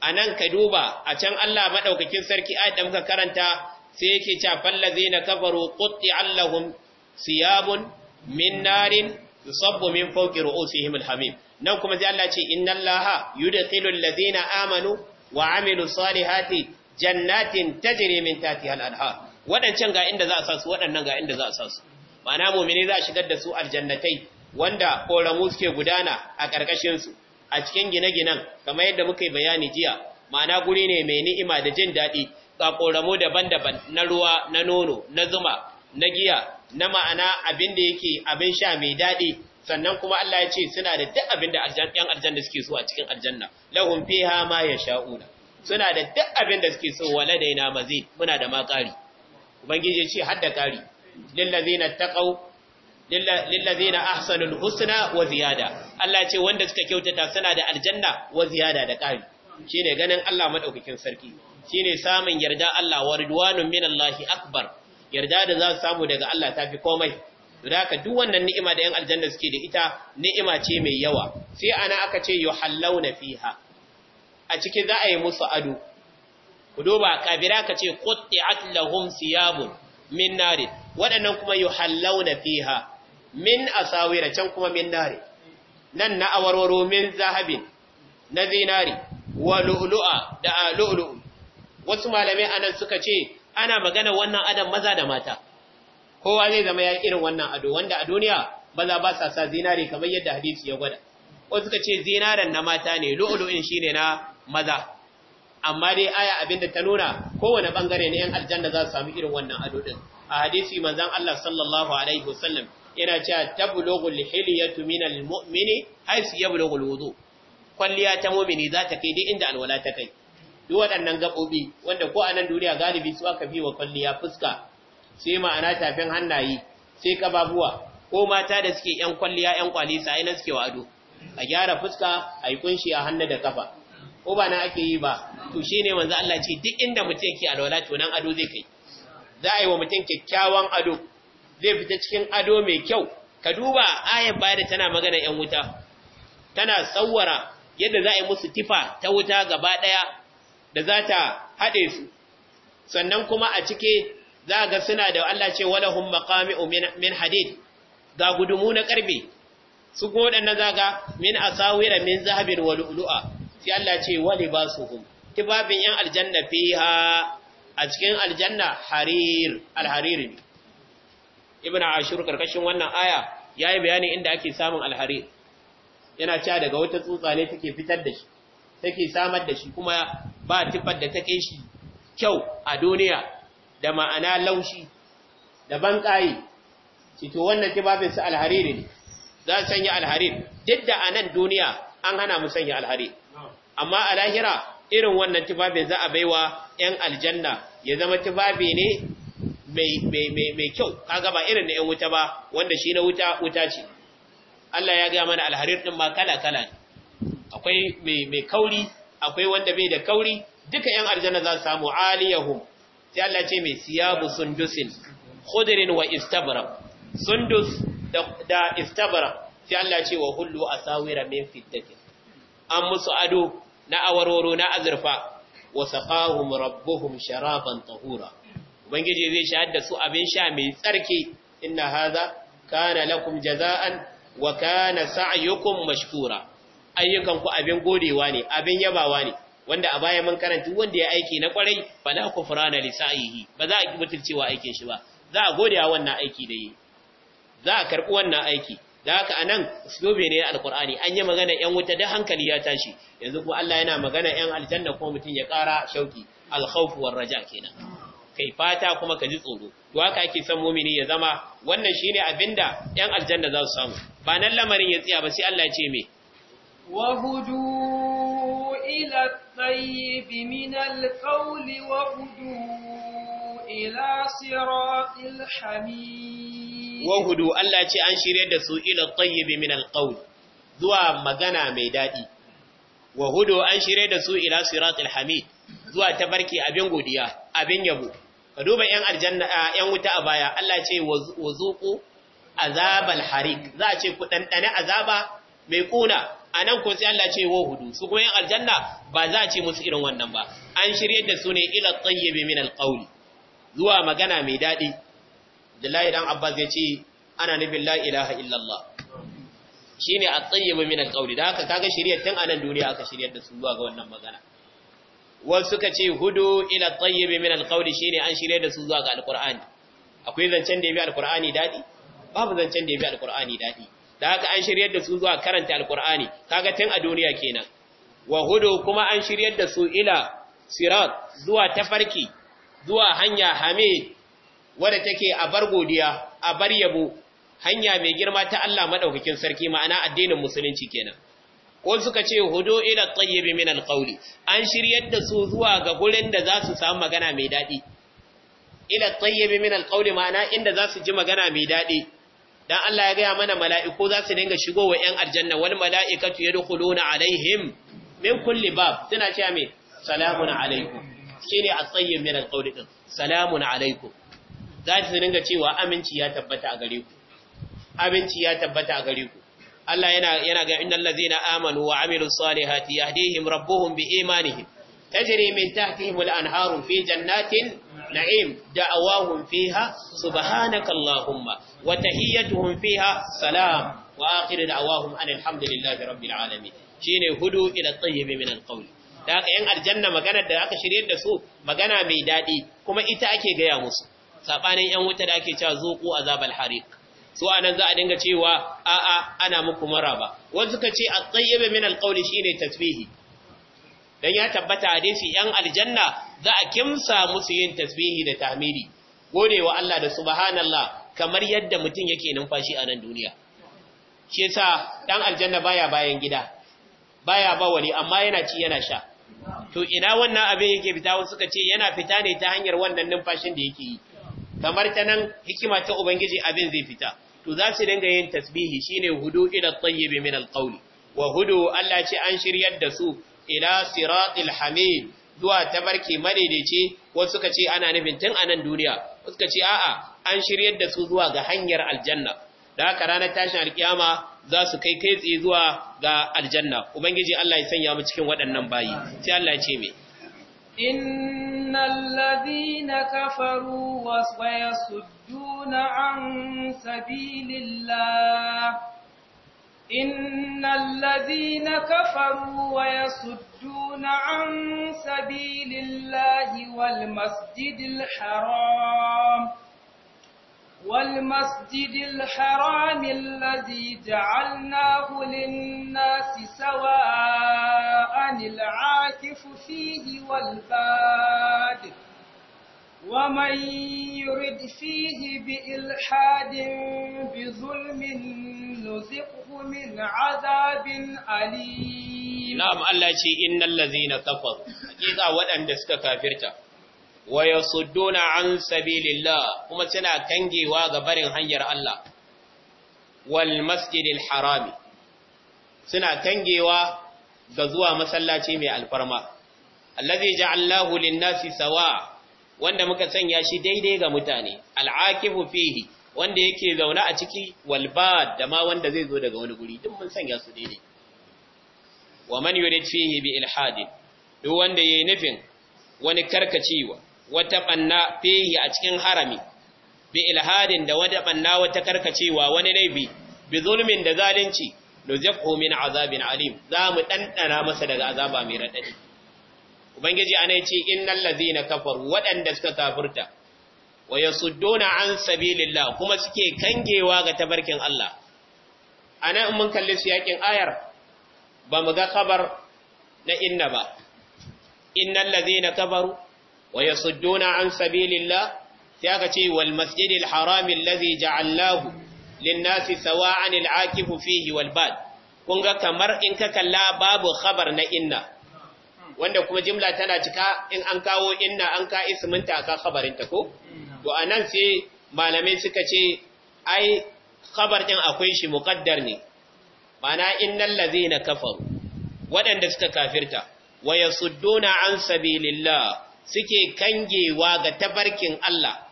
a nan ka duba a can allah maɗaukakin sarki ayat da muka karanta sai yake cewa fallazina kafaru qutti'a lahum siyabun min narin yusabbu min fawqi ru'usihim alhamim nan kuma sai Allah ce innallaha yudkhilul ladina amanu wa amilus salihati jannatin tajri min tahtiha al-anhar wadancan ga inda za a sasu wadannan ga inda za a sasu ma'ana mu'mini za a shigar da su aljannatai wanda koramu suke gudana a karkashin su a cikin gine-ginen kamar yadda muka yi bayani jiya ma'ana guri ne mai ni'ima da jin daɗi ƙoramu daban-daban na ruwa na nono na zuma na giya na ma'ana abin da yake abin sha mai daɗi sannan kuma Allah ya ce suna da duk abin da ‘yan aljanna suke so a cikin aljanna lahun fiha ma ya sha'una suna da duk abin da suke so wa na mazi, muna da ma ƙari ubangiji ya ce har da ƙari lillazina lillazina ahsanul husna wa ziyada Allah ya ce wanda suka kyautata suna da aljanna wa ziyada da ƙari ne ganin Allah madaukakin sarki shine samun yarda Allah wa ridwanun minallahi akbar yarda da za su samu daga Allah tafi komai don duk wannan ni'ima da 'yan aljanna suke da ita ni'ima ce mai yawa sai ana aka ce yuhallawna fiha a ciki za a yi musu ado ku duba kabira ka ce qutti'at lahum siyabun min nari waɗannan kuma yuhallawna fiha min asawira can kuma min nari nan na awarwaro min zahabin na zinari wa lu'lu'a da lu'lu'u wasu malamai anan suka ce ana magana wannan adam maza da mata kowa zai zama ya irin wannan ado wanda a duniya maza ba sa sa zinare kamar yadda hadisi ya gwada wasu suka ce zinaren na mata ne lu'ulu'in shine na maza amma dai aya abinda ta nuna kowane bangare ne yan aljanna za su samu irin wannan ado din a hadisi manzon Allah sallallahu alaihi wasallam yana cewa tablughu al-hilyatu min al-mu'mini haythu yablughu al-wudu kwalliya ta mu'mini za ta kai duk inda alwala ta kai duk waɗannan gaɓoɓi wanda ko a nan duniya galibi su aka fi wa kwalliya fuska sai ma'ana tafin hannaye sai kababuwa ko mata da suke ‘yan kwalliya ‘yan kwali kwalisa ainihin suke wa ado, a gyara fuska a yi kunshi a hannu da kafa ko ba na ake yi ba to shi ne manzo Allah ce duk inda mutum yake alwala to nan ado zai kai za a yi wa mutum kyakkyawan ado zai fita cikin ado mai kyau ka duba ayar baya da tana magana ‘yan wuta tana tsawara yadda za a yi musu tifa ta wuta gaba ɗaya da za ta haɗe su sannan kuma a cike za ga suna da Allah ce hun maqami'u min hadid ga gudumu na ƙarfe, su ko za zaga min asawira min zahabin wa lu'lu'a sai Allah ce wali basuhum tibabin yan aljanna fi ha! a cikin aljanna harir alharir ibn ashur karkashin wannan aya yayi bayani inda ake samun alharir yana cewa daga wata tsutsa ne take fitar da shi take samar da shi kuma ba tibbar da ta kai shi kyau a duniya da ma'ana laushi da ban banƙaye cito wannan tufafin su alhariri ne za su sanya alhariri duk da a nan duniya an hana mu sanya alhariri amma a lahira irin wannan tufafin za a baiwa 'yan aljanna ya zama tufafi ne mai kyau kaga ba irin na 'yan wuta ba wanda shi na wuta ce Allah ya gaya mana alharir ɗin ma kala-kala akwai mai kauri akwai wanda bai da kauri duka yan aljanna za su samu aliyahum sai Allah ce mai siyabu sundusin khudrin wa istabra. sundus da istabra sai Allah ce wa hullu asawira min fiddatin an musu ado na awarwaro na azurfa wa saqahum rabbuhum sharaban tahura ubangiji zai shahar da su abin sha mai tsarki inna hadha kana lakum jazaan wa kana sa'yukum mashkura ayyukan ku abin godewa ne abin yabawa ne wanda a baya mun karanta wanda ya aiki na kwarai ku kufrana lisa lisa'ihi, ba za a mutuncewa aikin shi ba za a godewa wannan aiki da yi za a karbi wannan aiki da haka anan uslubi ne alqur'ani an yi magana yan wuta da hankali ya tashi yanzu kuma Allah yana magana yan aljanna kuma mutun ya kara shauki alkhawf raja kenan kai fata kuma ka ji tsoro to haka ake son mu'mini ya zama wannan shine da yan aljanna za su samu ba nan lamarin ya tsaya ba sai Allah ya ce me وهدوا إلى الطيب من القول وهدوا إلى صراط الحميد وهدوا ألا أن شريد إلى الطيب من القول ذوى مغنى ميدادي وهدوا أن شريد إلى صراط الحميد ذوى تبركي أبين قديا أبين يبو فدوبا ين الجنة ين وتا أبايا ألا شيء وذوقوا عذاب الحريق ذا شيء كتن أنا عذاب ميقونا a nan ko sai Allah ce wo hudu su kuma yin aljanna ba za a ce musu irin wannan ba an shirye da su ne ila tsayyabe min alqawli zuwa magana mai daɗi Abdullahi dan Abbas ya ce ana nufin la ilaha illallah shine a tsayyabe min alqawli da haka kaga shirye tun anan duniya aka shirye da su zuwa ga wannan magana wasu suka ce hudu ila tsayyabe min alqawli shine an shirye da su zuwa ga alƙur'ani akwai zancen da ya bi alƙur'ani daɗi babu zancen da ya bi alƙur'ani daɗi da haka an shiryar da su zuwa karanta alkur'ani kaga tun a duniya kenan wa hudu kuma an shiryar da su ila sirat zuwa tafarki zuwa hanya hame wadda take a bar godiya a bar yabo hanya mai girma ta Allah madaukakin sarki ma'ana addinin musulunci kenan ko suka ce hudu ila tayyibi min alqawli an shiryar da su zuwa ga gurin da za su samu magana mai dadi ila tayyibi min alqawli ma'ana inda za su ji magana mai dadi dan Allah ya gaya mana mala'iku za su dinga shigo wa ‘yan aljanna wani mala'ikatu ya dukulu na alaihim min kulli bab suna cewa mai salamun alaikum shi ne a tsayin minan ƙaurikin salamun alaikum za su dinga cewa aminci ya tabbata a gare ku aminci ya tabbata a gare ku Allah yana yana ga innal ladzina amanu wa amilus salihati yahdihim rabbuhum bi imanihim tajri min tahtihim al anharu fi jannatin na'im da'awahum fiha subhanakallahumma wa tahiyyatuhum fiha salam wa akhiru da'awahum alhamdulillahi rabbil alamin shine hudu ila tayyib min alqawl da haka yan aljanna magana da aka shiryar da su magana mai dadi kuma ita ake gaya musu sabanin yan wuta da ake cewa zuqu azabal hariq su anan za a dinga cewa a a ana muku maraba wasu ka ce at-tayyib min alqawl shine tasbihi dan ya tabbata hadisi yan aljanna za a kimsa musu yin tasbihi da tahmidi gode wa Allah da subhanallah kamar yadda mutum yake numfashi a nan duniya shi yasa ɗan aljanna baya bayan gida baya wani amma yana ci yana sha to ina wannan abin yake fita wasu suka ce yana fita ne ta hanyar wannan numfashin da yake yi kamar ta nan hikima ta ubangiji abin zai fita to za su dinga yin tasbihi shine hudu ila tayyib min alqawli wa hudu Allah ce an shiryar da su ina siratil hamid zuwa ta tabarki madaidaici wasu suka ce ana nufin tun a nan duniya suka ce a'a an shiryar da su zuwa ga hanyar aljanna da haka ranar tashin alkiyama za su kai kai tsaye zuwa ga aljanna ubangiji Allah ya sanya mu cikin waɗannan bayi sai Allah ya ce me innal kafaru wa an sabilillah إن الذين كفروا ويصدون عن سبيل الله والمسجد الحرام والمسجد الحرام الذي جعلناه للناس سواء العاكف فيه والباد ومن يرد فيه بإلحاد بظلم نذقه min azabin alim na'am Allah ce innal ladzina kafaru hakika waɗanda suka kafirta wa yasudduna an sabilillah kuma suna kangewa ga barin hanyar Allah wal masjidil harami suna kangewa ga zuwa masallaci mai alfarma allazi ja'allahu lin-nasi sawa wanda muka sanya shi daidai ga mutane al'akifu fihi wanda yake zaune a ciki walba da ma wanda zai zo daga wani guri duk mun sanya su daidai wa man yurid fihi bi ilhadin duk wanda yayi nufin wani karkacewa wata banna fihi a cikin harami bi ilhadin da wata banna wata karkacewa wani laifi bi zulmin da zalunci nuzaqhu min azabin alim za mu dandana masa daga azaba mai radadi ubangiji anai ce innal na kafaru waɗanda suka kafirta wa yasudduna an sabilillah kuma suke kangewa ga tabarkin Allah A nan mun kalli su yakin ayar ba mu ga kabar na inna ba innal ladhina kabaru wa yasudduna an sabilillah sai aka ce wal masjidil haram allazi ja'alnahu lin-nasi sawa'an al fihi wal bad kun ga kamar in ka kalla babu kabar na inna wanda kuma jimla tana cika in an kawo inna an ka isminta aka khabarinta ko to anan sai malamai suka ce ai khabar din akwai shi muqaddar ne mana innal ladzina kafaru waɗanda suka kafirta wa yasudduna an sabilillah suke kangewa ga tabarkin Allah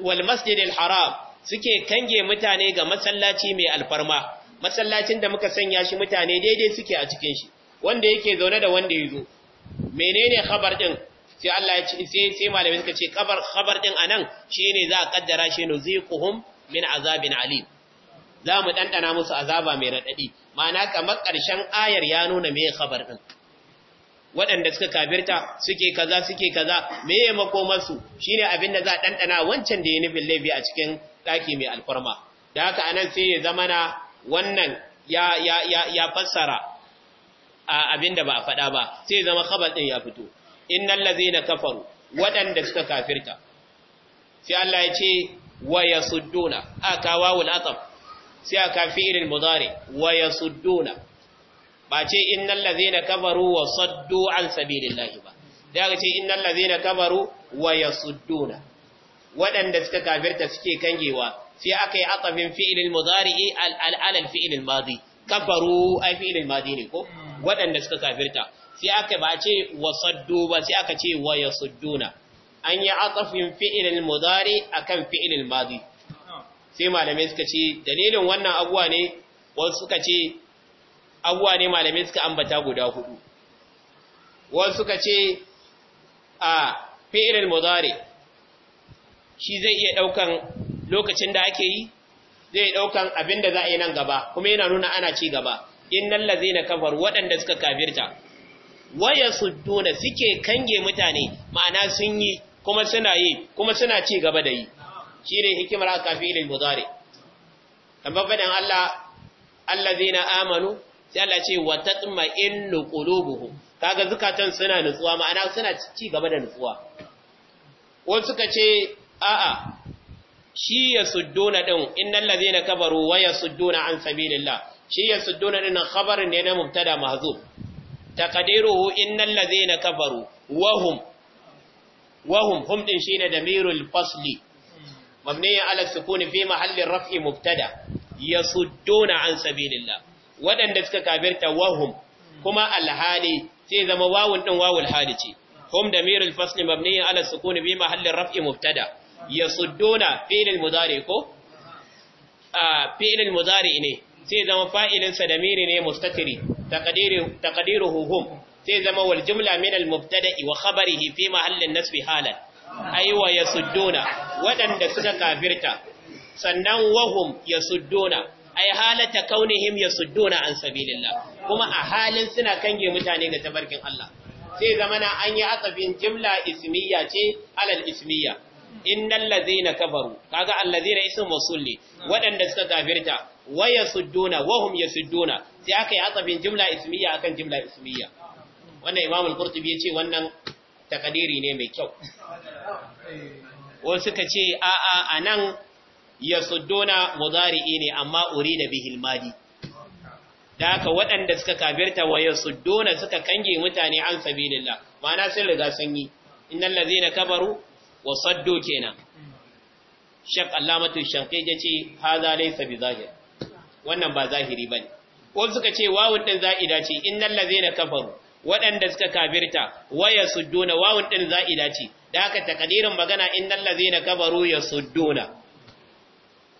wal masjidil haram suke kange mutane ga masallaci mai alfarma masallacin da muka sanya shi mutane daidai suke a cikin shi wanda yake zaune da wanda ya zo menene khabar din sai Allah ya ce sai sai malamai suka ce kabar khabar din anan shine za a kaddara shi zikuhum min azabin alim za mu dandana musu azaba mai radadi ma'ana kamar karshen ayar ya nuna me khabar din waɗanda suka kafirta suke kaza suke kaza me mako masu shine abin da za a dandana wancan da ya nufin laifi a cikin daki mai alfarma da haka anan sai ya zama na wannan ya ya ya fassara abinda ba a faɗa ba sai zama khabar ɗin ya fito innal ladzina kafaru waɗanda suka kafirta sai Allah ya ce wa yasudduna aka wawul atab sai aka fi'il mudari wa yasudduna ba ce innal ladzina kafaru wa saddu an sabilillahi ba da aka ce innal ladzina kafaru wa yasudduna waɗanda suka kafirta suke kangewa sai aka yi atafin fi'il mudari al al fi'il madi kafaru ai fi'il madi ne ko waɗanda suka kafirta sai aka ba ce wasaddu ba sai aka ce wa yasudduna an yi atafin fi'ilil mudari akan fi'ilil madi sai malamai suka ce dalilin wannan abuwa ne wasu suka ce abuwa ne malamai suka ambata guda hudu wasu suka ce a fi'ilil mudari shi zai iya daukan lokacin da ake yi zai daukan abin da za a yi nan gaba kuma yana nuna ana ci gaba innal ladzina kafar waɗanda suka kafirta waya sudduna suke kange mutane ma'ana sun yi kuma suna yi kuma suna ci gaba da yi shine hikimar akafilil mudari dan Allah allazina amanu sai Allah ce wa innu qulubuhum kaga zukatan suna nutsuwa ma'ana suna ci gaba da nutsuwa wani suka ce a'a shi ya sudduna din innal ladzina kafaru waya sudduna an sabilillah shi yasudduna dinnan khabarin ne na mubtada mahzuf taqdiruhu innal ladhina kafaru wahum wahum hum din shine damirul fasli mabniya ala sukuni fi mahalli raf'i mubtada yasudduna an sabilillah wadanda suka kafirta wahum kuma alhali sai zama wawun din wawul hali ce hum damirul fasli mabniya ala sukuni fi mahalli raf'i mubtada yasudduna fi'il mudari ko a ah, fi'il mudari ne sai zama fa'ilin da miri ne mustatiri taqdiru taqdiruhu sai zama wal jumla min al mubtada'i wa khabarihi fi mahallin nasbi halan aiwa yasudduna waɗanda suka kafirta sannan wahum yasudduna ai halata kaunihim yasudduna an sabilillah kuma a halin suna kange mutane ga tabarkin Allah sai zamana an yi atsafin jimla ismiya ce alal ismiya innal ladzina kafaru kaga alladzina ismu mawsul ne Waɗanda suka kafirta waya sudduna, wahum hum yasudduna sai aka yi atsafin jumla ismiya akan jumla ismiya wannan imam al-qurtubi yace wannan takadiri ne mai kyau wasu suka ce a a anan yasudduna mudari'i ne amma urida bihil madi da haka waɗanda suka kafirta wa sudduna suka kange mutane an sabilillah ma'ana sun riga sun yi innal ladzina kabaru wa saddu kenan shak allamatu shanqi yace hadha laysa bi zahir wannan ba zahiri ba ne wasu suka ce wawun ɗin za'ida ce innal na kafaru waɗanda suka kabirta, waya sudduna wawun ɗin za'ida ce da haka takadirin magana in innal ladzina kafaru yasudduna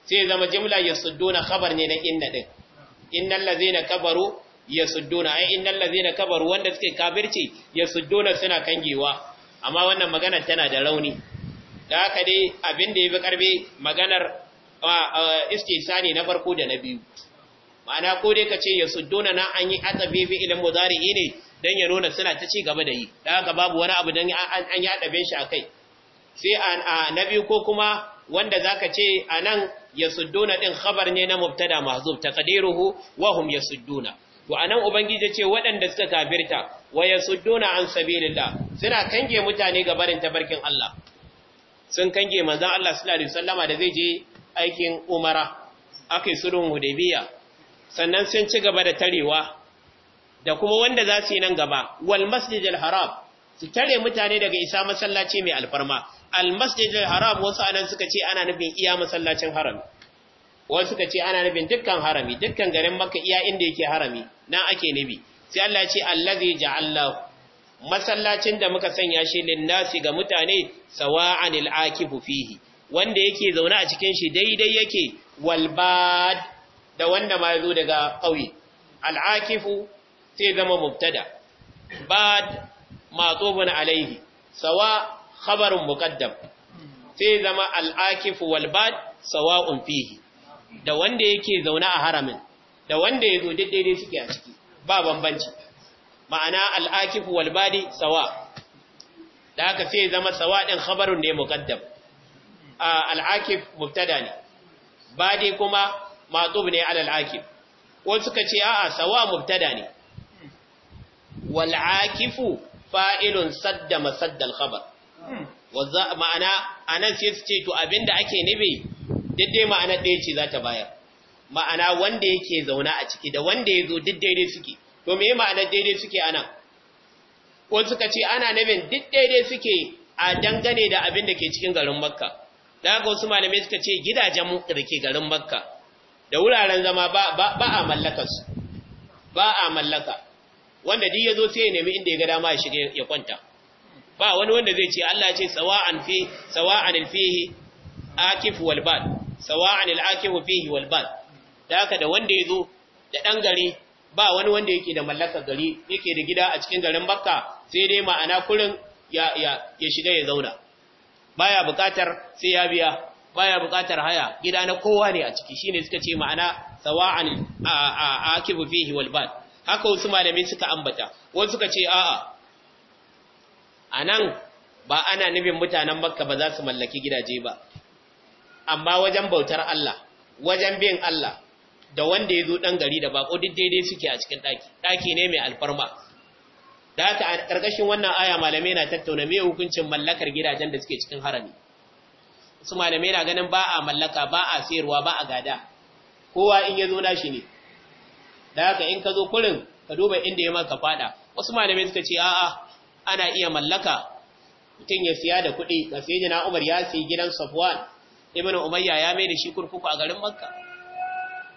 sai zama jimla ya yasudduna kabar ne na inna din innal ladzina kafaru yasudduna ai innal na kabaru, wanda suka suke kafirci yasudduna suna kangewa amma wannan magana tana da rauni da aka dai abin da ya yafi karbe maganar ne na farko da na biyu ma'ana ko dai kace dona na an yi atabi fi ilal mudari'i ne dan ya nuna suna ta ci gaba da yi dan haka babu wani abu dan an yi adabe shi kai? sai an na biyu ko kuma wanda zaka ce anan yasudduna din khabar ne na mubtada mahzub taqdiruhu wa hum yasudduna to nan ubangiji ce waɗanda suka kafirta wa yasudduna an sabilillah suna kange mutane ga barin tabarkin Allah sun kange manzon Allah sallallahu alaihi wasallama da zai je aikin umara aka yi sulhun hudabiya sannan sun ci gaba da tarewa da kuma wanda za su yi nan gaba wal masjidil haram su tare mutane daga isa masallaci mai alfarma al masjidil haram wasu anan suka ce ana nufin iya masallacin harami wasu suka ce ana nufin dukkan harami dukkan garin makka iya inda yake harami nan ake nabi sai Allah ya ce allazi ja'alla masallacin da muka sanya shi linnasi ga mutane sawa'anil akifu fihi wanda yake zaune a cikin shi daidai yake walbad da wanda ma zo daga ƙauye al'akifu sai zama mubtada bad matsubun alaihi sawa khabarun muqaddam sai zama al'akifu walbad sawa fihi da wanda yake zaune a haramin da wanda ya zo daidai suke a ciki ba bambanci ma'ana al'akifu walbadi sawa da aka sai zama sawa ɗin khabarun ne muqaddam al'akif mubtada ne dai kuma matsub ne ala al'akif wani suka ce a'a sawa mubtada ne wal’akifu fa'ilun sadda masadda al-khabar Ma'ana a nan sai su ce to abinda ake nabi daidai ma'ana ɗaya ce za ta bayar ma'ana wanda yake zauna a ciki da wanda ya zo duk daidai suke to me ma'ana daidai suke nan. ko suka ce ana nabin duk daidai suke a dangane da abin da ke cikin garin makka da haka wasu malamai suka ce gidajen da ke garin makka da wuraren zama ba a mallaka su ba a mallaka wanda duk ya zo sai ya nemi inda ya ga dama ya shiga ya kwanta ba wani wanda zai ce Allah ce sawa'an fi sawa'an fihi akif wal bad sawa'an al akif fihi wal bad da haka da wanda ya zo da dan gari ba wani wanda yake da mallaka gari yake da gida a cikin garin Makka sai dai ma'ana kurin ya ya ya shiga ya zauna baya buƙatar sai ya biya baya buƙatar haya gida na kowa ne a ciki shine suka ce ma'ana sawa'an akibu fihi wal bad haka wasu malamai suka ambata wasu suka ce a'a anan ba ana nufin mutanen makka ba za su mallaki gidaje ba amma wajen bautar Allah wajen bin Allah da wanda ya zo ɗan gari da bako duk daidai suke a cikin ɗaki ɗaki ne mai alfarma da haka a ƙarƙashin wannan aya malamai na tattauna me hukuncin mallakar gidajen da suke cikin harami su malamai na ganin ba a mallaka ba a sayarwa ba a gada kowa in ya zo nashi ne da haka in ka zo kurin ka duba inda ya maka fada wasu malamai suka ce a'a ana iya mallaka mutum ya siya da kuɗi ga sai jina Umar ya sayi gidan Safwan ibn Umayya ya mai da shi kurkuku a garin Makka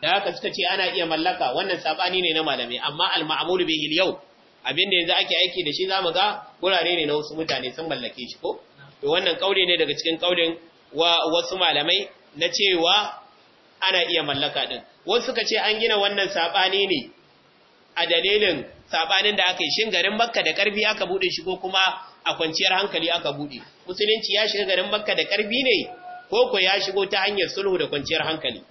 da haka suka ce ana iya mallaka wannan sabani ne na malamai amma al-ma'mul bihi al-yawm abin da yanzu ake aiki da shi za mu ga gurare ne na wasu mutane sun mallake shi ko to wannan kaure ne daga cikin kaurin wasu malamai na cewa ana iya mallaka din wasu suka ce an gina wannan sabani ne a dalilin saɓanin da aka yi shin garin Makka da karfi aka buɗe shi ko kuma a kwanciyar hankali aka buɗe? musulunci ya shiga garin Makka da karfi ne ko ko ya shigo ta hanyar sulhu da kwanciyar hankali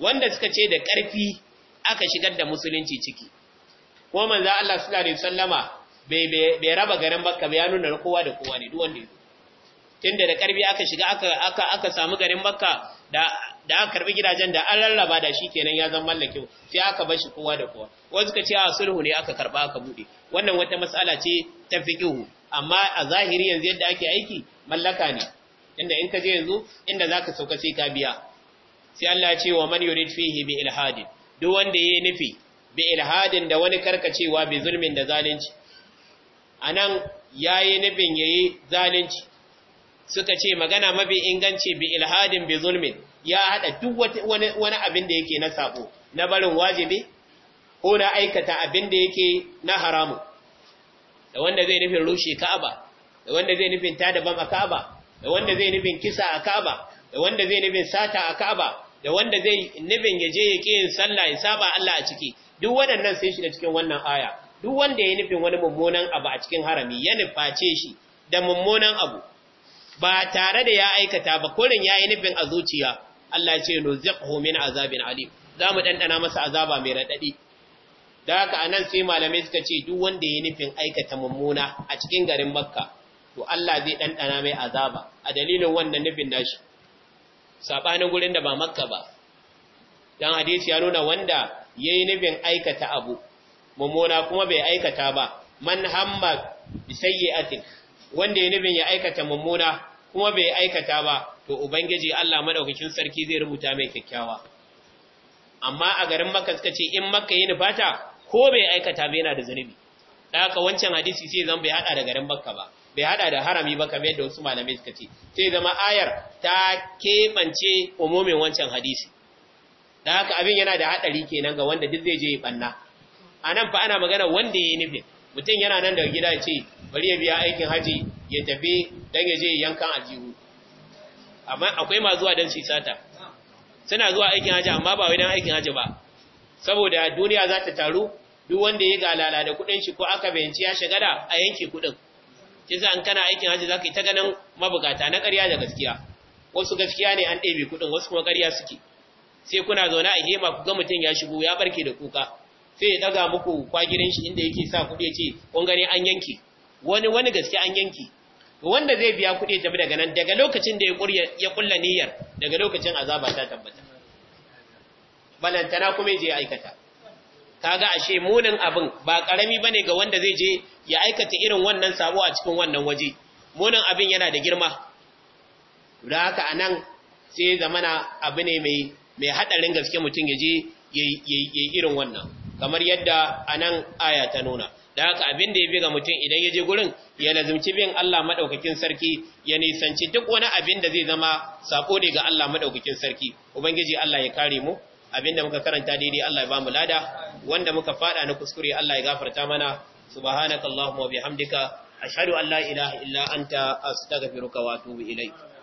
wanda suka ce da karfi aka shigar da musulunci ciki ko manzo Allah sallallahu alaihi wasallama bai bai raba garin Makka ba ya nuna kowa da kowa ne duk wanda ya tunda da karbi aka shiga aka aka aka samu garin Makka da da aka karbi gidajen da an lallaba da shi kenan ya zama mallake sai aka bar shi kowa da kowa wanda ka ce a sulhu ne aka karba aka bude wannan wata mas'ala ce ta fiqhu amma a zahiri yanzu yadda ake aiki mallaka ne inda in ka je yanzu inda zaka sauka sai ka biya sai Allah ya ce wa man yurid fihi bi ilhadin duk wanda yayi nufi bi ilhadin da wani karkacewa bi zulmin da zalunci anan yayi nufin yayi zalunci suka ce magana mafi inganci bi ilhadin bi zulmin ya hada duk wani wani abin da yake na sako na barin wajibi ko na aikata abin da yake na haramu da wanda zai nufin rushe Ka'aba da wanda zai nufin tada bam a Ka'aba da wanda zai nufin kisa a Ka'aba da wanda zai nufin sata a Ka'aba da wanda zai nufin yaje yake yin sallah ya saba Allah a ciki duk waɗannan sun shiga cikin wannan aya duk wanda ya nufin wani mummunan abu a cikin harami ya nuface shi da mummunan abu ba tare da ya aikata ba kurin ya yi nufin a zuciya Allah ce zaqhu min azabin alim za mu ɗanɗana masa azaba mai raɗaɗi da haka anan sai malamai suka ce duk wanda ya nufin aikata mummuna a cikin garin makka to Allah zai ɗanɗana mai azaba a dalilin wannan nufin nashi Sabanin gurin da ba makka ba dan hadisi ya nuna wanda yayi nufin aikata abu mummuna kuma bai aikata ba man hamma bi sayyi'atin wanda ya nufin ya aikata mummuna kuma bai aikata ba to ubangiji Allah madaukakin sarki zai rubuta mai kyakkyawa amma a garin Makka suka ce in maka yi nufata ko bai aikata ba yana da zunubi. da haka wancan hadisi sai zan bai hada da garin Makka ba bai hada da harami ba kamar yadda wasu malamai suka ce sai zama ayar ta keɓance umumin wancan hadisi da haka abin yana da haɗari kenan ga wanda duk zai je banna a nan fa ana magana wanda ya yi nufin mutum yana nan daga gida ce bari ya biya aikin haji ya tafi don ya je yankan aljihu amma akwai ma zuwa don sisata suna zuwa aikin haji amma ba wai don aikin haji ba saboda duniya za ta taru duk wanda ya galala da kuɗin shi ko aka bayanci ya gada a yanke kuɗin kisa an kana aikin haji za ka yi ta ganin mabukata na ƙarya da gaskiya wasu gaskiya ne an ɗebe kuɗin wasu kuma ƙarya suke sai kuna zaune a hema ku ga mutum ya shigo ya barke da kuka sai ya daga muku kwagirin shi inda yake sa kuɗi ya ce kun gani an yanki wani wani gaske an yanki wanda zai biya kuɗi tafi daga nan daga lokacin da ya kulla niyyar daga lokacin azaba ta tabbata balantana kuma je aikata kaga ashe munin abin ba karami bane ga wanda zai je ya aikata irin wannan sabo a cikin wannan waje munin abin yana da girma da haka anan sai zamana abu ne mai mai hadarin gaske mutum ya je ya yi irin wannan kamar yadda anan aya ta nuna da haka abin da ya bi ga mutum idan ya je gurin ya lazimci bin Allah maɗaukakin sarki ya nisanci duk wani abin da zai zama sako ne ga Allah madaukakin sarki ubangiji Allah ya kare mu abin da muka karanta daidai Allah ya bamu lada wanda muka fada na kuskure Allah ya gafarta mana subhanakallahumma wa bihamdika ashhadu an la ilaha illa anta astaghfiruka wa atubu ilaik